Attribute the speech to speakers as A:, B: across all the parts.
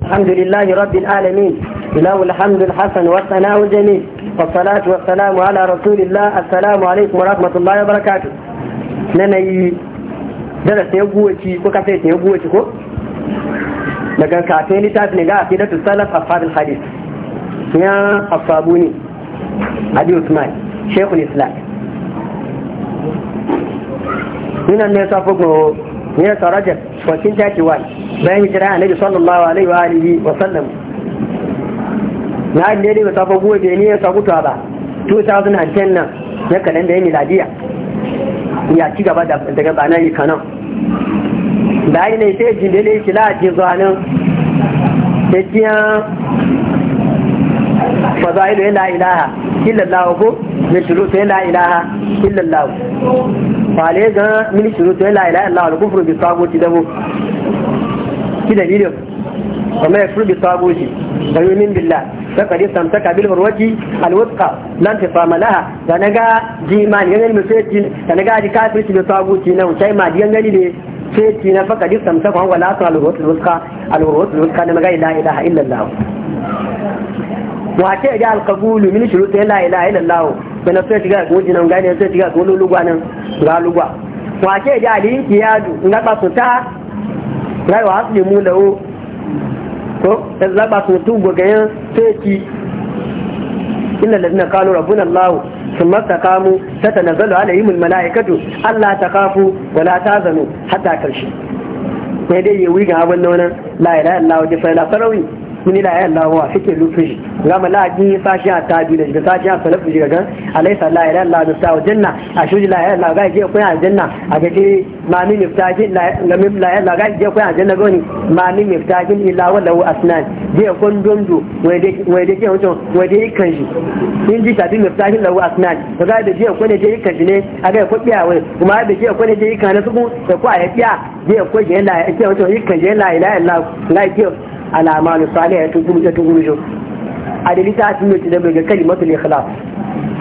A: الحمد لله رب العالمين له الحمد الحسن والثناء الجميل والصلاة والسلام على رسول الله السلام عليكم ورحمة الله وبركاته نانا درس يبوتي وكفيت يبوتي كو daga kafin littafi ne ga a fidatu salaf ashabul hadis ya asabu ne abi usman shekul islam ina ne safo go ne sarajat 1431 bayan hijira annabi sallallahu alaihi wa alihi wa sallam na dai da ta fago da ne ya saku ta ba 2010 nan ya kalan da yayi miladiya ya ci gaba daga banan yi kanan da yi ne sai jin dai ki la ji zuwa nan da kiyan fazailu la ilaha illallah ko da shuru sai la ilaha illallah fale ga mini shuru to la ilaha illallah al bi sabuti dabo ki dalilin kuma ya furbi bi sabuti bayunin billah ta kadi samtaka bil urwati al lan tafama laha da naga jimani ga ne musaiti da naga ji kafirci bi sabuti nan sai ma diyan gani ne sai ki na faka duk samtaka wala ta al-urwati al da naga la ilaha illallah wa ta ga al min shuru la ilaha illallah kana sai tiga go jina ga sai tiga go lulu gwa nan ga lugwa wa ke ja ali ki ya du na ba su ta rai wa asli mu da o ko za ba su tu go ga sai ki inna ladina qalu rabbuna allah thumma taqamu tatanazzalu alayhim almalaikatu alla takhafu wa la tazanu hatta karshi sai dai yi wiga abin da wannan la ilaha illallah wa jifa ila farawi mun ila ya Allah wa fike lufi zama la sa shi a tabi da shi sa shi a salafu shi ga alaysa la ilaha illa da janna a la ilaha illa ga je ku janna a ke ma miftajin la mim la ga je ku janna goni ma miftajin illa wa asnan je kun dundu wai de wai de ke hoton wai de kan in ji ta din miftajin lahu asnan to ga da je ko ne je ne a ga biya kuma da je ku ne je su ku da ku a ya biya la ilaha la الأعمال الصالحة تقوم تقوم جو أدلت أسمية تدبرك كلمة الإخلاص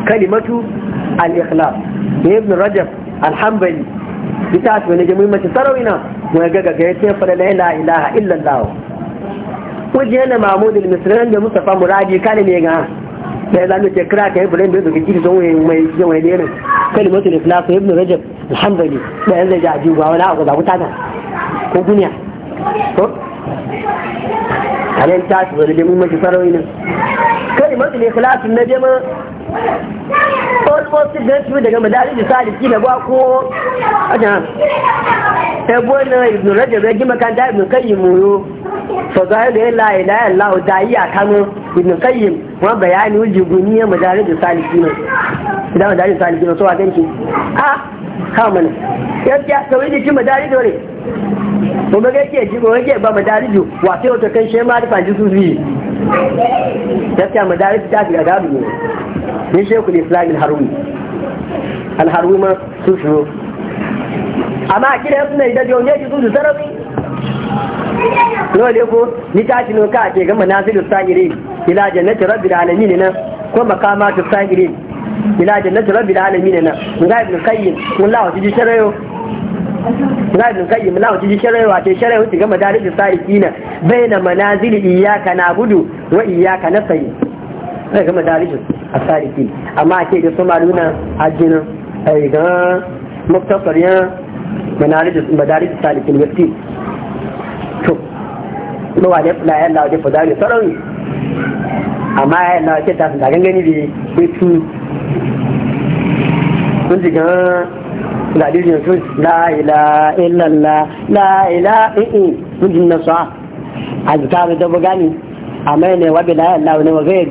A: كلمة الإخلاص يا ابن رجب الحنبل بتاعت من جميع ما تسروينا ويقول لك يتنفى لا إله إلا الله وجهنا معمود المصريين لمصطفى مرادي كان ميغا فإذا أنت كراك يا ابن رجب كتير زوين ما يجيون لينا كلمة الإخلاص يا ابن رجب الحنبل لا إله إلا الله وتعالى كوكونيا halin ta su zai mun sarari ne kai mafi ne filasin na jama almost gan daga madari da saliki na ba ko ajan ebo na ibn rajab ya gima kan da ibn kayyim yo fa ga ga la ilaha illallah da iya kanu ibn kayyim wa bayani wujubuniya madari da saliki ne idan madari da saliki ne so a ganki ah kama yadda gaskiya kawai da ji madarijo ne kuma yake ji kuma yake ba madarijo wato wata kan shi ma rufa ji su zuyi yadda madarijo ta fi gado ne ne shekul islamin harumi alharu ma su shiro amma a kira suna idan yau ne ji su zarafi Lole ko ni tashi nuka a ke gama nasiru sagire ila jannati rabbil alamin nan ko ta sagire ila jannati rabbil alamin na nga ibn qayyim wallahu ji sharayo nga ibn qayyim wallahu ji sharayo wa te sharayo ti tiga madarij salikina baina manazil iyyaka na'budu wa iyyaka nasta'in sai ga madarij as amma ake da su maluna ajin ai ga muktasariyan madarij madarij salikin wasti to ba wa ne la yalla wa fadali sarawi amma ya na ke ta gangani bi su kun ji gan ladijin sun la, la la, la'ila i'i ji na sa a jika mai da gani a ne ne bi la ila ne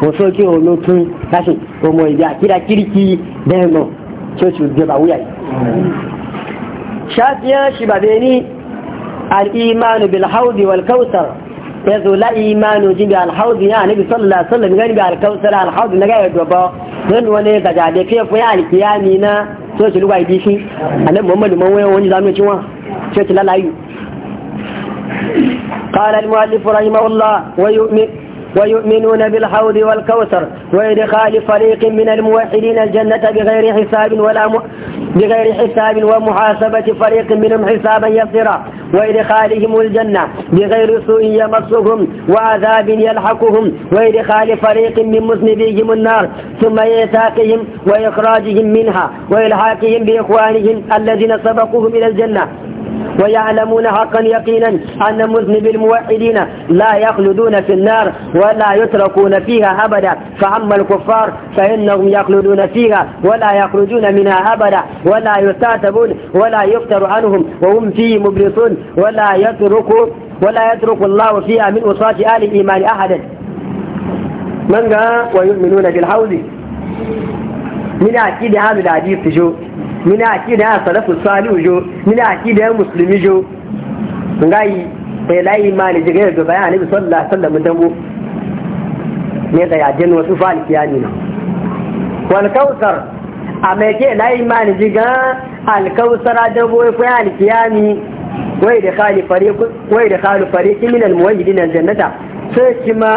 A: ko so ki ke no tun shi ko mo ya kira kirki da so coci da ba wuya shafiya shi ba al iman bil haudi wal kautar ya zo la imanu jin bi alhaudu ya nabi sallallahu alaihi wasallam gani bi alkausar alhaudu na gaya gaba don wani gaja da ke fi ya alkiyami na so shi lugwa ibi shi annabi muhammadu man wayo wani zamu cinwa sai tilalayu قال المؤلف rahimahullah wa ويؤمن ويؤمنون بالحوض والكوثر وإدخال فريق من الموحدين الجنة بغير حساب ولا م... بغير حساب ومحاسبة فريق منهم حسابا يسيرا وإدخالهم الجنة بغير سوء يمسهم وعذاب يلحقهم وإدخال فريق من مذنبيهم النار ثم إيثاقهم وإخراجهم منها وإلحاقهم بإخوانهم الذين سبقوهم إلى الجنة ويعلمون حقا يقينا أن مذنب الموحدين لا يخلدون في النار ولا يتركون فيها أبدا فأما الكفار فإنهم يخلدون فيها ولا يخرجون منها أبدا ولا يتاتبون ولا يفتر عنهم وهم فيه مبلسون ولا يترك ولا يترك الله فيها من أصاة آل الإيمان أحدا من ويؤمنون بالحوض من أكيد هذا الحديث تشوف mini akida ya salafu salihu jo mini akida ya musulmi jo ngai sai eh, ma imani jiga ga bayan alibi sallallahu alaihi wasallam dambo ne da yajin wasu falkiyani na wal kautsar a mai ke ma imani jiga al a dambo ya fi alkiyami wai da khali fariqu wai dinar jannata sai kima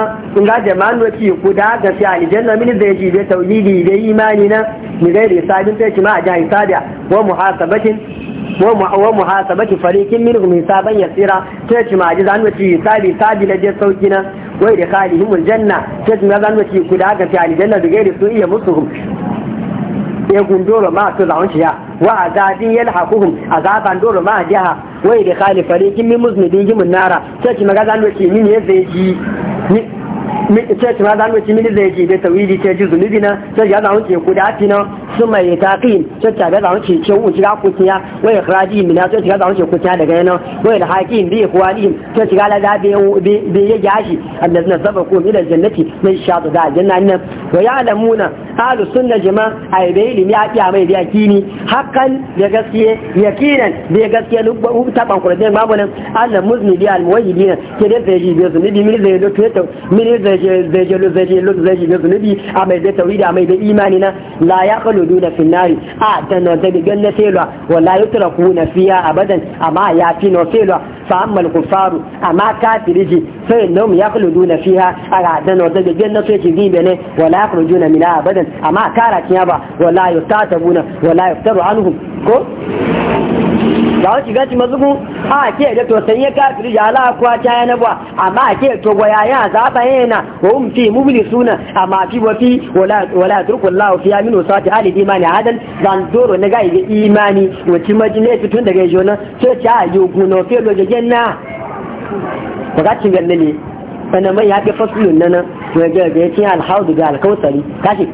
A: ga jama'an waki ku da ga fi aljanna min da yake da tauhidi da imani na ni dai da sabin sai kima a jahi sada wa muhasabatin wa muhasabati fariqin minhum hisaban yasira sai kima ji zan waki sabi sabi da sauki na wai da khalihim aljanna sai kima zan waki ku da ga fi aljanna da ga da su iya musu ya gundoro ma su zaunciya ya wa azabin a azaban doro ma jaha wai da khali fariqin min muznidin jimun nara sai ki magaza ne ki min yazaji ce ma za mu ci mini zai jibe tawidi ce ji zunubi na ce ya zaun ce ku da fina sun mai taqin church ga zaun ce ce wuci ga ku tiya wa ikhraji min church ga zaun ce ku tiya daga yana wa da haqin bi ku ikhwalihim church ga la da bi bi ya gashi annazna sabaku ila jannati mai shadu da janna nan wa lamuna halu sunna jama'a ai bai ilimi a kiya mai biya kini hakan da gaskiye yakinan da gaskiye lubbu taban kurdan mamunan annal muzni bi al muwahidin ke da zai jibe zunubi min zai do to mini sai zai je zunubi a mai da tawhidi a mai da imani na la ya kaludu na finari a da na da gan na selwa wala yutraku na fiya abadan amma ya fi na selwa fa ammal kufaru amma kafiriji sai nom ya kaludu na fiha a da na da gan na sai ji bene wala ya kaludu na mila abadan amma kara kiya ba wala yutatabuna wala yuftaru anhum ko ga wani shiga ci mazugu a ke da to sanye kafiri ya ala kuwa ta yana ba amma ke to goya ya zaba yana wa um fi mubli suna amma fi wa fi wala wala turku Allah fi aminu sati ali imani hadan zan doro na ga imani wace majine tun daga jona ce ta yi guno fe lo na ba ga cin ganne ne sannan mai ya ke fasulun nan ya ga ya ci alhaudu ga alkausari kashi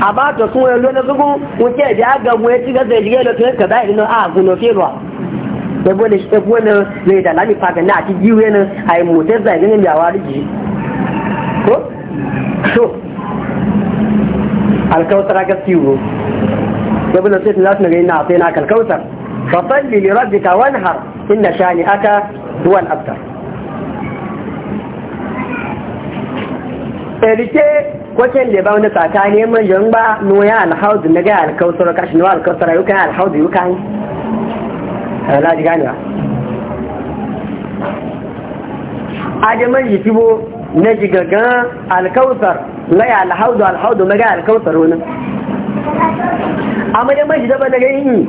A: a ba ta sun wani lo na zugu wuce da ga mu ya ci gaza ya jige da tun ka ba irin a guno fe ruwa shi ebole ebole ne da lami faga na ti jiwe ne ai mote za ne ya wari ji ko so alkautar ga tiwo ebole sai na ne na sai na kalkautar fa salli li rabbika wanhar inna shani'aka huwa al-abtar Erike kwakin da ba wani tsakanin manjan ba noya alhaudu na gaya alkautar kashi noya alkautar yukan alhaudu yukan ala eh, ji ganewa ajaman yi bo na jigagan alkautar lai alhaudu alhaudu maga alkautar wani a da mai daba na gani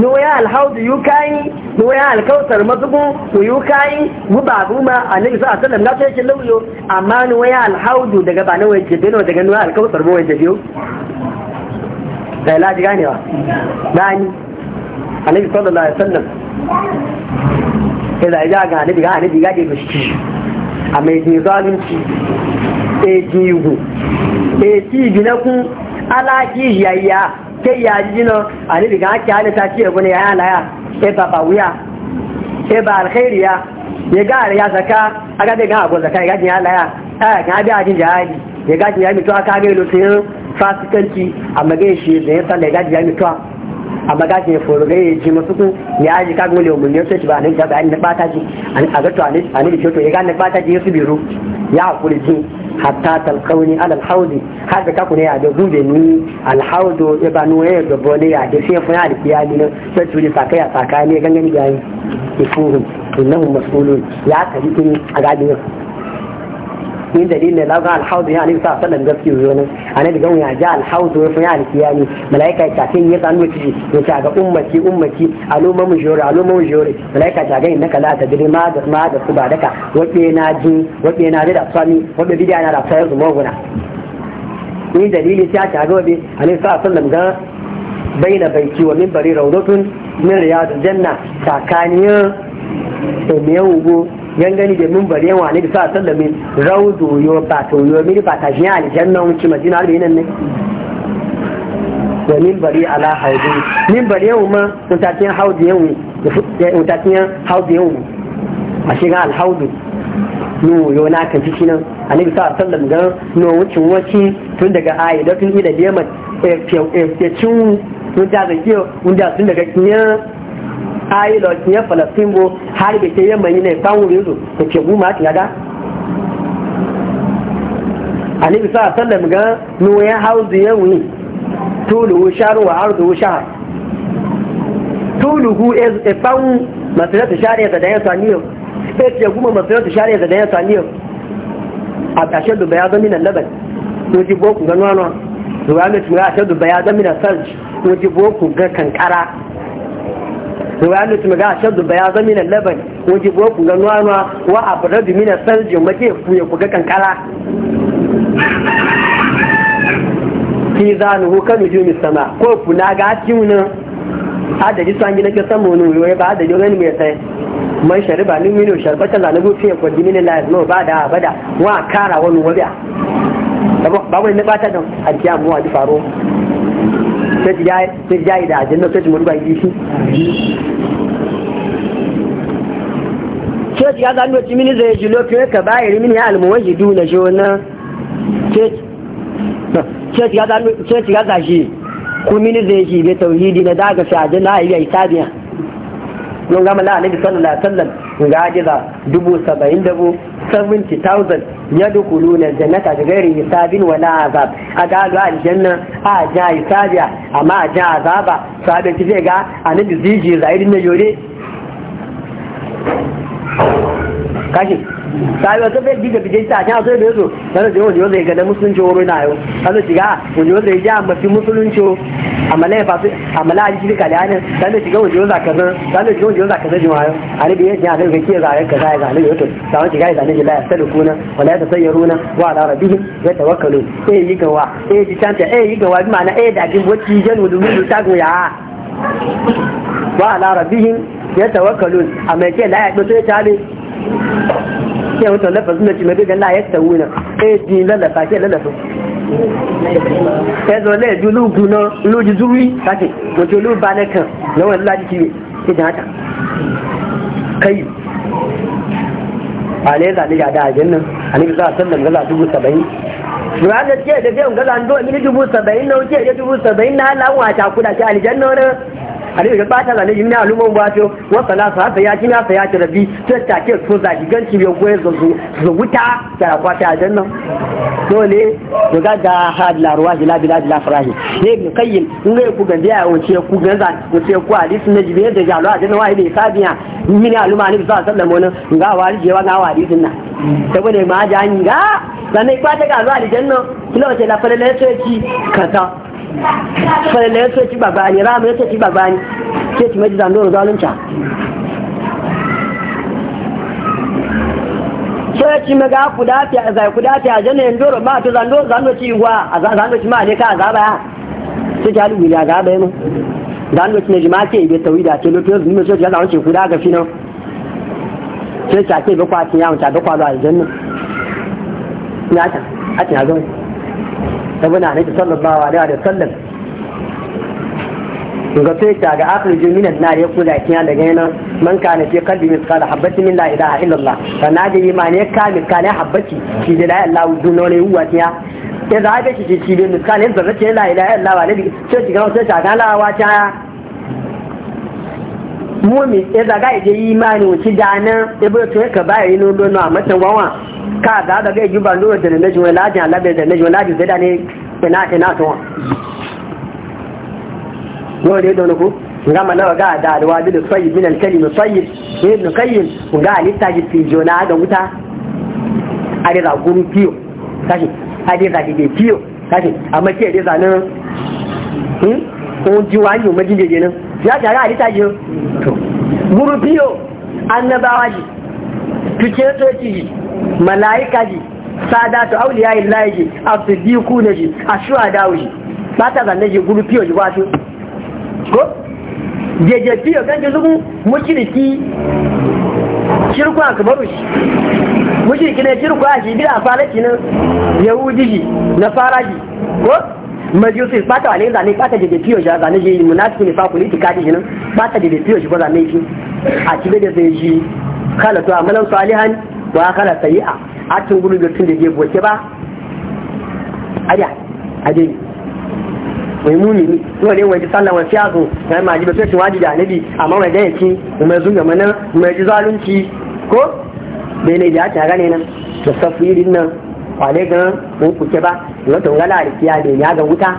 A: no ya alhaudu yi, kayi no ya alkautar mazubu ko yi kayi guba guma a nisa a wasallam na sai lauyo amma no ya alhaudu daga ba na waye wa daga no ya alkautar bo waye jibiyo annabi sallallahu alaihi wasallam sai ya ga annabi ga annabi ga ke shi a mai ne zalunci e jigu e ti binakun ala ki yayya ke ya jino annabi ga ki halata ci ego ne ya laya e baba wuya e ba alkhairiya ya ga ya zaka aga de ga go zaka ya jin ya eh ga da ajin jihadi ya ga jin ya mi to aka ga lo tin fasikanci amma ga shi da ya sallai ga jin ya mi to amma ga ke foro ga ya ji masu ku ya ji ka gole mun ne sai ba ne ga bayan na bata ji an a ga to ne an ne to ya ga na bata ji su biro ya hakuri ji hatta talqawni ala alhawdi har da kaku ne ya da gube ni alhawdu ya ba nuwe da ne ya da sai fa ya da kiyami ne sai turi sakaya ne gangan gani ifuhum innahum mas'ulun ya kari ne a gadin min dalilin la ga alhaudu ya alisa sallan gaskiya zo ne annabi ga ya ja alhaudu ya funya alkiyami malaika ta kin ya sanu ci ya ta ga ummati ummati aluma mu jore aluma mu jore malaika ta ga innaka la tadri ma da ma da ba daka wace na ji wace na da sami wace bidiya na da sai zuwa guna ni dalili ta ta ga wabe alisa sallan ga baina baiti wa bari rawdatun min riyadul janna takaniyar da me yawo gani da mimbar yawa ne da sa mai raudu yo ba to yo mi ba ta jiya aljanna wuce madina da yinan ne da mimbari ala haudu mimbar yawa ma mutakin haudu yawa mutakin haudu yawa a shiga alhaudu no yo na kan ci nan annabi sa sallam ga no wucin wuci tun daga ayyadatul da biyama e fiye ya ce tun da zai yi tun daga kiyan ayi lo ki ya falastin bo har be ke yamma ni ne kan wuri zo ko ke bu da. ani bi sa sallam ga no ya hauzu ya wuni? tulu sharu wa ardu shahar. tulu is a pound masirata shari'a da ya saniyo space ya kuma masirata shari'a da ya saniyo a ƙashe da bayan na laban ko ji boku ga nono ruwa mai tura a shaɗu bayan na sarji ko ji boku ga kankara ruwayanu tu maga ashaddu bayazan min al-laban buwa ku ga nwanwa wa a fara da al-salji mace ku ya ku ga kankara fi zanuhu kan nujumi sama ko ku na ga tiuna adadi sangi na kasan mu ne ba adadi gani mai sai man shariba ni mino sharbatan da nugu fiye kwa dimini la no ba da abada wa kara wani
B: a
A: ba wani bata don alkiya mu wa di faro sai ji da ajiyar na sai ji mun ba yi shi church ya zanu ci mini zai jilo ke ka bayar mini ku mini zai ji be tauhidi na daga fi ajina ya isabiya don gama la alaihi sallallahu alaihi wasallam ga dubu saba'in dubu thousand ya jannata da gairi hisabin wani azab a gado aljanna a ja hisabiya amma a ja azaba sabon ki ga a ziji zai yore kashi yi wata fesbi da bijin ta kyan zo da yazo sai da wani oh, wanda musulunci wuri na yau sai shiga oh, wani zai ji a mafi musulunci a ya fasu oh, a cikin kalani shiga wani da shiga wani yau ani ne yaji hadin ga kiyar zare kaza ya yau? wani shiga ya wala wa ala eh yi gawa eh ji eh yi gawa bi ma'ana eh da da ta goya wa ala ya tawakkalun amma ya ce ya ɗoto ya tare sai wata da cimai ga la ya tawuna sai ji lalafa sai lalafa sai zo ne lugu na lugu zuwi sake wato lugu ba na kan na wani lalaci ne sai da haka kai ba ne da ajin nan a nufi za a sallan gaza dubu saba'in Ruwa da ce da fiye gaza dubu saba'in na wuce da dubu saba'in na halawa ta kuda ce aljanna wani ale ga bata zane yin na alumon ba to wa salasa hasa ya kina sa ya ki rabi ta ta ke so za ki ganci ya goye zuzu zuwuta ta kwata a jannan dole to ga da had la ruwa bila bila bila farahi ne bi kayyin in ga ku gande ya wuce ku ganza ce ku hadis na jibe da jalo a jannan wai ne sabiya min aluma ne sa sallan wannan ga wari jewa ga wari dinna saboda ma ja ga sanai kwata ga zuwa aljanna kila wace la falala ya ce ki kasa falala ya soci baba ne rama ya soci baba ne ke ci mai zandoro zalunta sai ci maga ku dafi a zai ku dafi a jana yandoro ma to zando zando ci wa a zando ci ma ne ka azaba ya sai ta lugu ya azaba ya mu zando ci ne jima ke ibe tawida ce lotu yanzu ne sai ya zando ci ku daga fi nan sai ta ke bakwa cin yawon ta bakwa da aljanna na ta a cin saboda annabi sallallahu alaihi wa sallam ga sai ta ga akhrijin minan nar ya kula kiyan daga yana man kana fi qalbi misqala habbatin min la ilaha illallah kana da imani ka misqala habbati shi da la ilaha illallah ne huwa tiya ya za ga shi shi ne misqala zarrace la ilaha illallah wa nabi sai ga sai ta mumi ya e zaga ya je yi imani wuci da nan ya bai ka baya yi nono na matan wawa ka da da ga yi ban dole da na jiwa lajin alabe da na jiwa zai da ne ina ina tuwa yau da ya dole ku nga mana ga da alwa da sayyid min al-kalim sayyid ibn qayyim ga alita ji fi jona da wuta ari da gumi fiyo kashi ari da gidi fiyo kashi amma ke da zanin hmm ko jiwa yi ne ya tare hadita ji to biyo annabawa ji tuke ji mala'ika ji sadatu auliya illahi ji asdiku ne ji ashuhada ji ba ta zanne ji biyo ji wato ko jeje biyo kan ji zugun mushriki shirku aka shi mukiriki ne shirkuwa a shi bi a falaci nan yahudi ji na faraji ko majusi bata wale zane bata da da fiyo zane je munafiki ne fa politika ji nan bata da da fiyo shi ko zane shi a cibe da zai shi kala to amalan salihan wa kala sayi'a a tun gudu da tun da je boke ba ada ade mai muni ne to ne wani sallan wani fiyazo na maji ba sai wadi da annabi amma mai da yake mai zunga mana mai ji zalunci ko bene ne da ta gane nan to safirin nan kwale gan mun kuke ba ga to a da kiya da ya ga wuta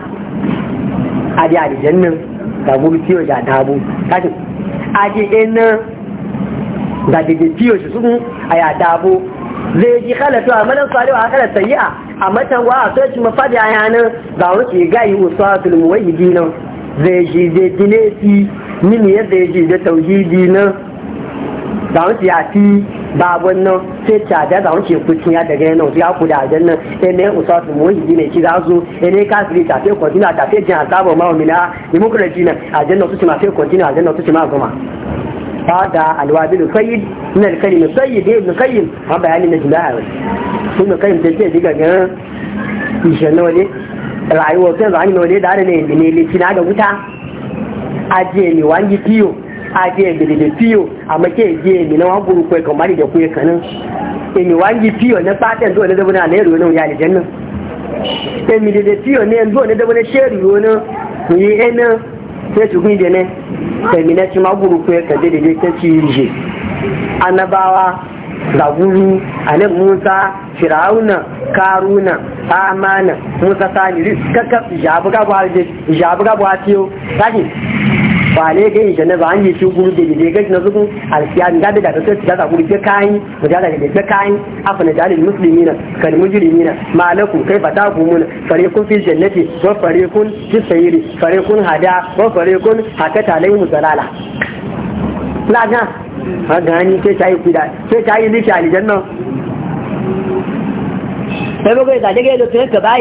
A: aje a jannan da gubi tiyo da dabu kaje a ɗin nan da da tiyo shi su a ya dabu zai ji halatu a madan salihu a halar sayi'a a matan wa a soci mafadi a yanar ga wuce gayi usatul muwahidi nan zai ji zai dinesi min yadda ya ji da tauhidi nan ga wuce a fi babun nan sai caja da wanke kucin ya daga yana ya kuda a jannan sai ne usa su mu yi ne ki zazu sai ne kasiri ta sai kwantina ta sai jin asaba ma mina demokrasi a a su ci ma sai kwantina a jannan su ci ma goma fada alwabilu sayyid min ha bayani na jima'a ibn qayyim ta ce diga ga ishanole Rayuwa sai zani ne da ne ne ne ci na da wuta aje ni wangi a je gidi da fiyo a make je mi na wan guru kai kamar da kuye kanin e mi wangi fiyo na fatan zo da da bana ne ruwan ya aljanna e mi da fiyo ne zo da da bana sheri ruwan ku yi ena sai ku yi ne sai mi na ci ma guru kai ka da da ta ci je annabawa zaburu anan musa firauna karuna amana musa sani kakka jabu gabu jabu gabu atiyo kwale ga yin yi ba an yi shugun da ne gaji na zukun alkiyami ga da ta sai ta guri ke kayi mujala da ke kayi afa na jalil muslimina kal mujrimina ma lakum kaifa fare kun fi jannati ko wa fariqun fi fare kun hada wa fariqun hakata alayhi dalala la ga ha gani sai ta yi kuda sai ta yi liki aljanna ẹgbẹ́ gbé ìdàjẹ́gẹ́ ló tẹ́ kẹ̀ da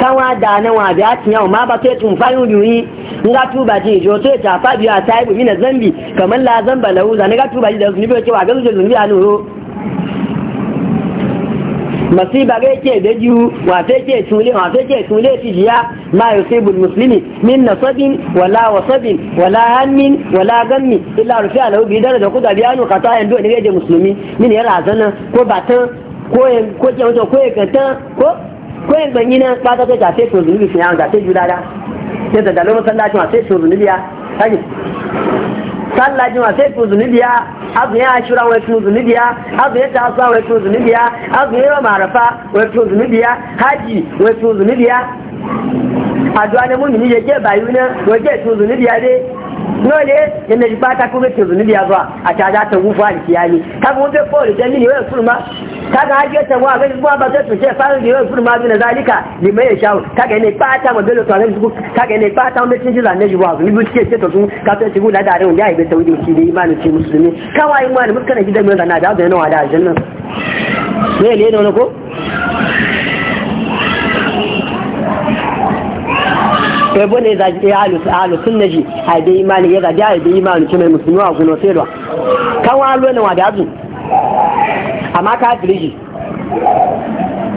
A: káwọn àdáná da àbí àtìyàn ọmọ bá tó tún fáyún lùyìn nga tuba ji jo to ta fa biya ta yi mina zambi kamar la zamba lahu da ga tuba ji da zunubi ce wa ga zunubi a nuro masiba ga yake da jiwu wa ta ke tule wa ta ke tule fi jiya ma yusibul muslimi min nasabin wala wasabin wala hammin wala gammi illa rufi alahu bi daraja kuda biyanu qata yandu ne ga muslimi min yara zana ko batan ko ya ko ke wato ko ya gata ko ko na zunubi sun yawon tafe jula da ya da dalo masallaci ma sai to zunubi ya sani sallaji ma sai to ya azu ya ashura wa to zunubi ya azu ya tasa wa ya azu ya marafa wa to zunubi ya haji wa to zunubi ya addu'a ne mun ne ke bayu na wa ke to zunubi a dai lóòlé yẹn lè gbá takúrò tòzù níbi àbọ̀ àtàdá tó wúfọ́ àdìsí ayé káàbù wọn fẹ́ kaga hajiyar ta wa gani kuma ba sai su sai fara da yawan furma bi zalika liman ya shawo kaga ne fata ma bello to ran su kaga ne fata ma cin jira ne ji wa ni biske ce to sun ka sai shigo da dare wanda ya yi tauri shi da imani ce musulmi kawai imani mutkan gidan da zana da da yana wada aljanna ne ne ne ko kai bane za ki alu alu sunna ji a da imani ya ga da imani ce mai musulmi a guno sai da kan wa alu ne wa da azu amma ka firiji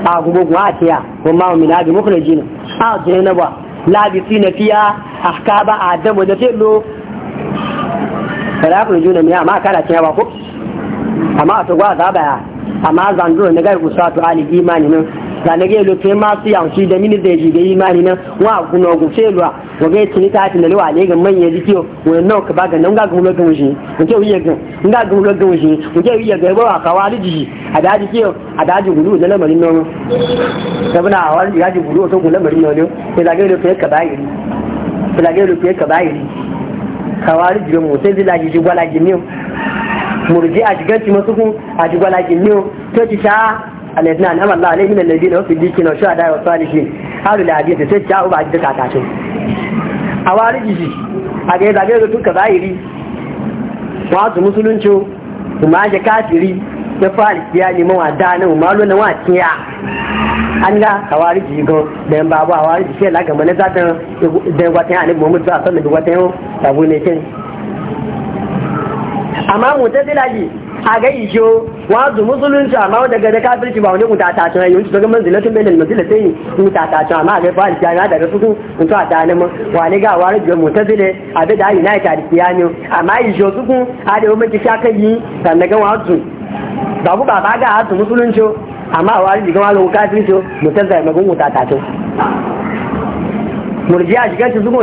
A: a gugugun a tiya kuma na abi ji ne a jini na ba fi na fiya a ka ba a damu da filo kada ku juna miya amma kana tiya ba ko amma a tugwa za baya amma zanduro na gari to alibi imani ne. da na gelo to ma su da mini da ji da imani nan wa guna gu felwa wa ga tini ta tin lewa ne ga manye wa nan ka ba ga nan ga gulo ga wuji mun ce wiye ga ga gulo ga wuji mun ce wiye ga ba ka wali ji a da ji kiyo da ji gulu nan da bana wali ya ji gulu to gulu lamarin nan ne sai da gelo to ka bayi sai da gelo to ka bayi kawari jibe mu sai zila ji gwala ji ne murji a jiganci masu kun a jigwala ji to ci sha الاثنان أمر الله عليه من الذين هم في الدين والشهداء والصالحين هذا الحديث سيجاء بعد تكاتاتين أوارجي a ga zage da duka zahiri wasu musulunci kuma ake kafiri ya fara kiya neman wa danin malo na wakiya an ga kawari ji ga da yan babu awari ji sai la ga mana zata da wata yana mu mutu a da wata yau tabu ne kin amma mu ta a ga isho wazu musulunci amma daga da kafirci ba wani bai da amma a ga ba na daga suku mutu a tsanin mu wani ga wani ga mutazile a da ta amma isho suku da kisha yi ba ku ba ga musulunci wani kafirci da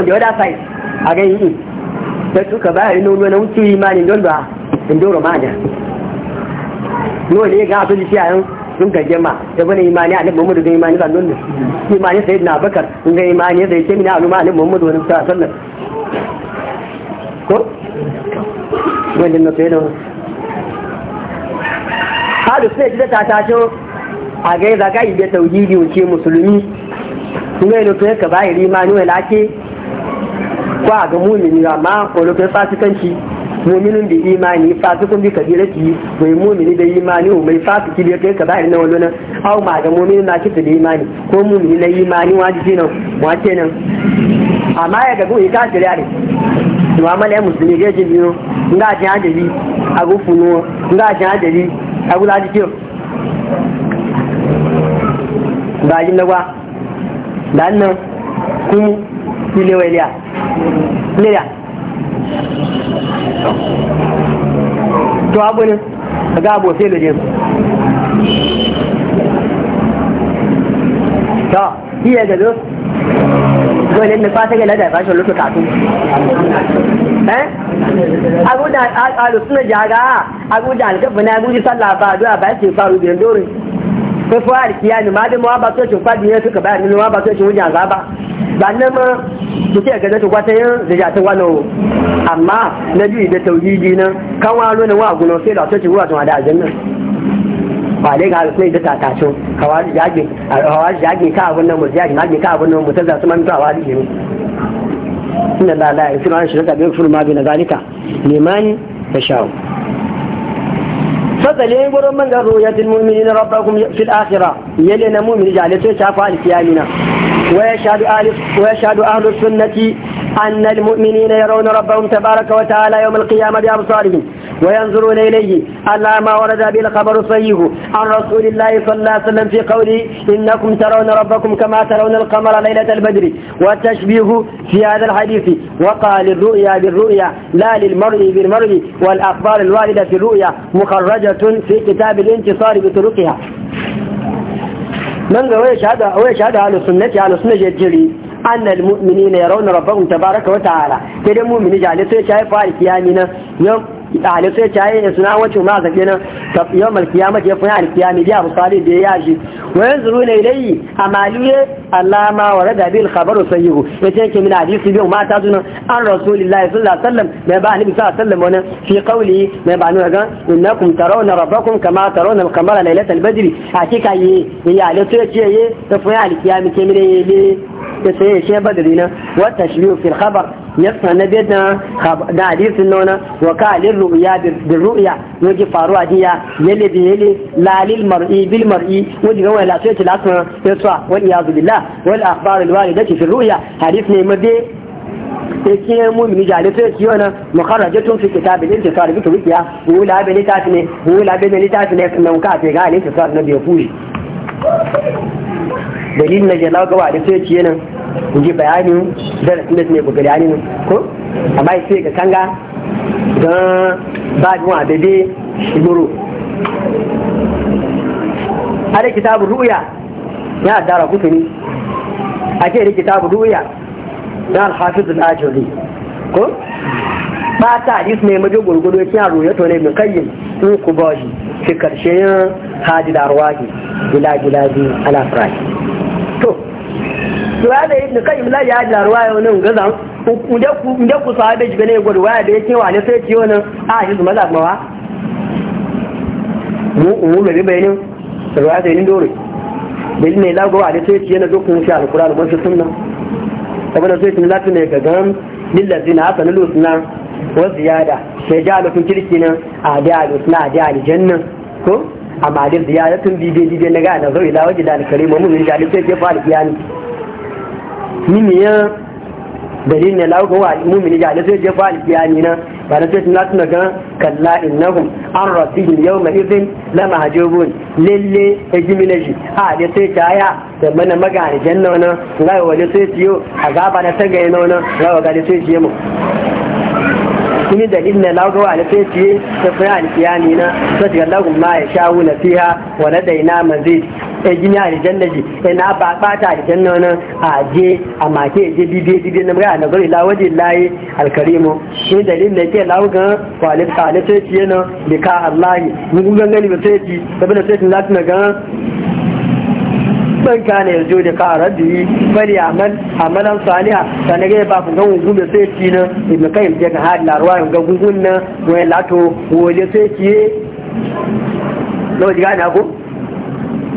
A: wada sai a ga yi da suka nuna na wuce imanin don da indoro no ne ga to ji yayin sun ga jema da bane imani a nabi muhammadu ga imani ban nan imani sai na bakar sun ga imani da yake mina aluma nabi muhammadu wa sallallahu alaihi
B: ko wanda na sai da hadu sai gida ta ta to
A: a ga za ka yi da tauhidi wuce musulmi ne ne to ka bayar imani wala ke ko a ga mu'mini amma ko lokacin fasikanci mu'minun bi imani fasikun bi kabirati mai mu'mini da imani mai fasiki bi kai kabari na wallona aw ma ga mu'minin na kitta da imani ko mu'mini na imani wajibi nan wace nan amma ya ga goyi ka tare ne wa mala musulmi ga jin biyo nga jin ajali agu funu nga jin ajali agu la dikiyo ba jin nagwa dan nan kuma ile waliya ya to abu ne ga abu sai da jin ta iya ga zo dole ne fata ga lada fashin lutu kafin eh suna jaga na sallah ba duwa ba faru biyan dorin sai fa alkiya ni ma dai ma ba so shi kwadi ne suka bayar ne ma ba so shi wajen azaba sannan ma kike ga zata kwata yin da ja ta wano amma na ji da tauhidi nan kan walo ne wa guno sai da so shi wa tun da aljanna ba dai ga alkai da ta tacho kawai jage kawai jage ka abun nan mu jage ma ka abun nan mu ta zasu man ta wali ne inna la la yusra an shirka bi furma bi zalika limani yashau فضل يقول من قال رؤية المؤمنين ربكم في الآخرة يلي مؤمن من جعلته شافا الكيامنا ويشهد أهل, ويشهد أهل السنة أن المؤمنين يرون ربهم تبارك وتعالى يوم القيامة بأبصارهم وينظرون إليه ألا ما ورد به الخبر الصحيح عن رسول الله صلى الله عليه وسلم في قوله إنكم ترون ربكم كما ترون القمر ليلة البدر والتشبيه في هذا الحديث وقال الرؤيا بالرؤيا لا للمرء بالمرء والأخبار الواردة في الرؤيا مخرجة في كتاب الانتصار بطرقها من هو يشهد هذا يشهد على السنة على السنة جديد annal mu'minina yarawna rabbahum tabaraka wa ta'ala sai dai mu'mini jale a ya fara kiyami nan yau ɗalib sai caye ya suna wacce ma zaɓe nan yau malkiyama ya fi alkiyami biya misali da ya yashi wayan zuru ne dai a maliye allama wa rada bil khabaru sayyihu ya ce ke min hadisi biyu mata suna an rasulillahi sallallahu alaihi wasallam mai ba annabi sallallahu alaihi wasallam wannan fi qawli mai ba nuna ga innakum tarawna rabbakum kama tarawna al-qamara laylatal badri hakika yi ya le sai يسير شيء بدرينا والتشبيه في الخبر يفسر نبينا دا في نونا وقال للرؤيا بالرؤيا وجي فاروا ديا يلي بيلي لا للمرئي بالمرئي وجي هو لا سيتي الاسماء يسوا والعياذ بالله والاخبار الوارده في الرؤيا حديث نمدي sai mumini jale sai ki yana mukarrajatun fi kitab al-intisar bi tuqiya wula bi litafi ne wula bi litafi ne nan ka ce dalilin na jalawa gaba da sai ciye nan ji bayanin darasin da ne bugari ne ko amma sai ga kanga don ba mu a dade shigoro ada kitabu ru'ya ya dara kutuni ake da kitabu ru'ya na al-hafiz al-ajuri ko ba ta hadis ne majo gurgudu ya kiyar ruya to ne mai kayyin in ku shi fi karshe yin hadi da arwaji gila gila biyu ala firaki to wala ibn qayyim la ya da yau nan gaza inda ku sa ku sahabe ji bane gwa ruwaya da kewa ne sai ce wannan a shi su maza wa mu mu ne bayanin ruwaya da yi dore bil ne la gwa da sai ce yana dokun shi da mun sunna saboda sai tun latin ne gagan na hasanu lusna wa ziyada sai ja alfin kirki nan a da lusna a da aljanna ko amma da tun bidiyo bidiyo na ga nan zai lawa gida alkare mu mun jali sai ke fara kiyani mini ya dalil ne lawa wa mu'mini jali sai ke fara kiyani na ba da sai na tuna ga kalla innahum an rabbihim yawma idhin lama hajubun lalle a shi a da sai kaya da mana magana janna wannan lawa da sai a azaba na tagaye wannan lawa ga da sai ciyo mu kini dalilin na lagawa a nufin ciye ta fi alkiyami na ta ga lagun ma ya shawo na fiha wa na daina manzid e gini aljanna ji e na ba bata aljanna nan a je a make je bibiye bibiye na magana nazari lawaji layi alkarimu shi dalilin da ke laugan kwalifta na sai ciye na bika allahi mun gungan gani ba sai ci da bi sai ci za su na gan man ne yanzu da ka rabbi bari amal amalan saliha sana ga ba ku gangun gube sai ci na ibn kayyim ya ga hadla ruwayan gungun na wai lato wole sai ci lọ́wọ́ gánà kó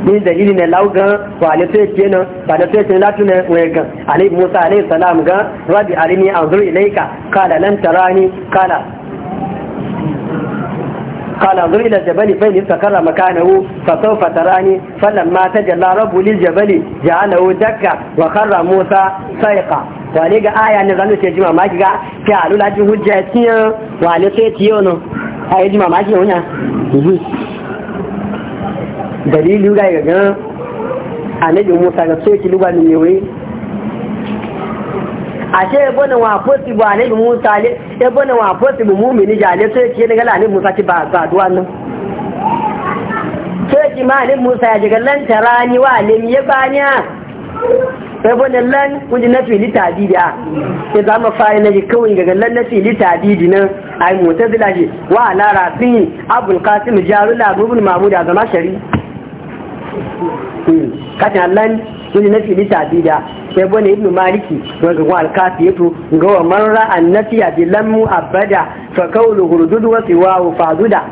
A: ní dalilin na lau gan wa alifai kenan ba da sai latu ne waya gan alif musa alayhi salam gan rabi arini anzur ilayka kala lan tarani kala قال انظر الى الجبل فإن استقر مكانه فسوف تراني فلما تجلى رب للجبل جعله دكا وخر موسى سيقا wale ga aya ne zanu ce jima maki ga ke alula ji hujja tiyo wale sai tiyo no aya jima maki wunya dalili ga ga annabi Musa ga sai ki ne ashe ya bane wa fosi e ba ne bi musa ne ya bane wa fosi bi mumini jale so ce ne gala ne musa ci ba saduwa nan so ci ma ne musa ya jiga lan tarani wa ne ya baniya ya bane lan kunji na fili tabidi a ya e zama fari na ji kawai daga lan na fili tabidi nan a yi mutazila shi wa lara sun yi abul kasim jarula rubin mamuda zama shari'a kashin lan wani na fili tabida sai bane ibnu maliki wanda kuma alkafi yato ga wa man ra'an nafiya bi lamu abada fa qawlu hurdud wa siwahu faduda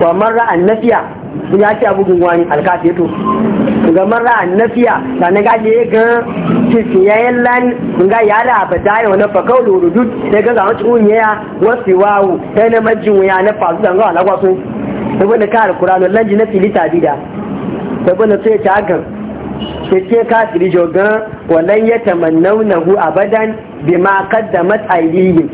A: wa man ra'an nafiya kun ya ci ce abugun wani alkafi yato ga man ra'an nafiya da na gaje ga kisiyayen lan kun ga ya da abada yau na fa qawlu hurdud sai ga ga wata unya wa siwahu sai na majin ya na faduda ga alakwaso sai bane ka alqur'anu lan ji na fili tabida tabbana sai ta hakan ta ce kafiri jogan walan ya hu abadan ma kaddamat aydihim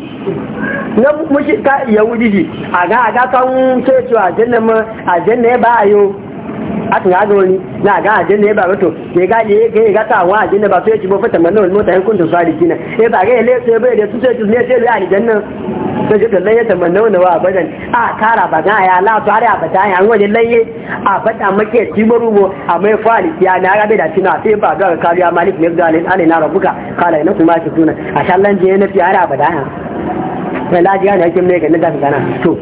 A: na mushi ka yahudi a ga ga kan ce cewa janna a janna ba ayo aka ga gori na ga ajin ne ba to ke ga je ke ga ta wa ajin ba to sai ci bo fata manna wal mota in kuntu kina e ba ga le sai be de su se ci ne se ya ni janna to ji kallon ya tamanna wani wa abadan a kara ba ga ya la to har ya bata ya wani laye a fata make ci mo a mai fali ya na ga be da tina sai ba ga kariya malik ne ga zalin alina rabbuka kala ina kuma ki tuna a shallan je ne e fi har abada ya sai ya ne ake mai ga ne na gana to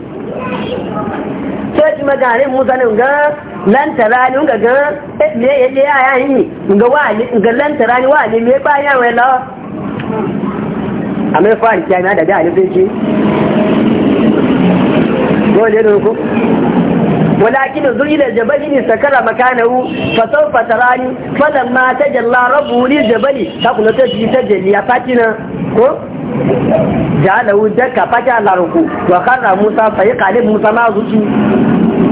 A: sai ci magarin musa ne ga lantara ne ga ga eh, me ya je ya yi ga wani ga lantara ne wani me ba ya wai lawa amma fa ni kiyama da da ne sai ci dole ne ko ولكن ذل الجبل سكر مكانه فسوف تراني فلما تجلى ربه للجبل تقول تجلي تجلي يا فاتنا جعله دكا فجع لركو وخر موسى فيق عليه موسى ما زوجي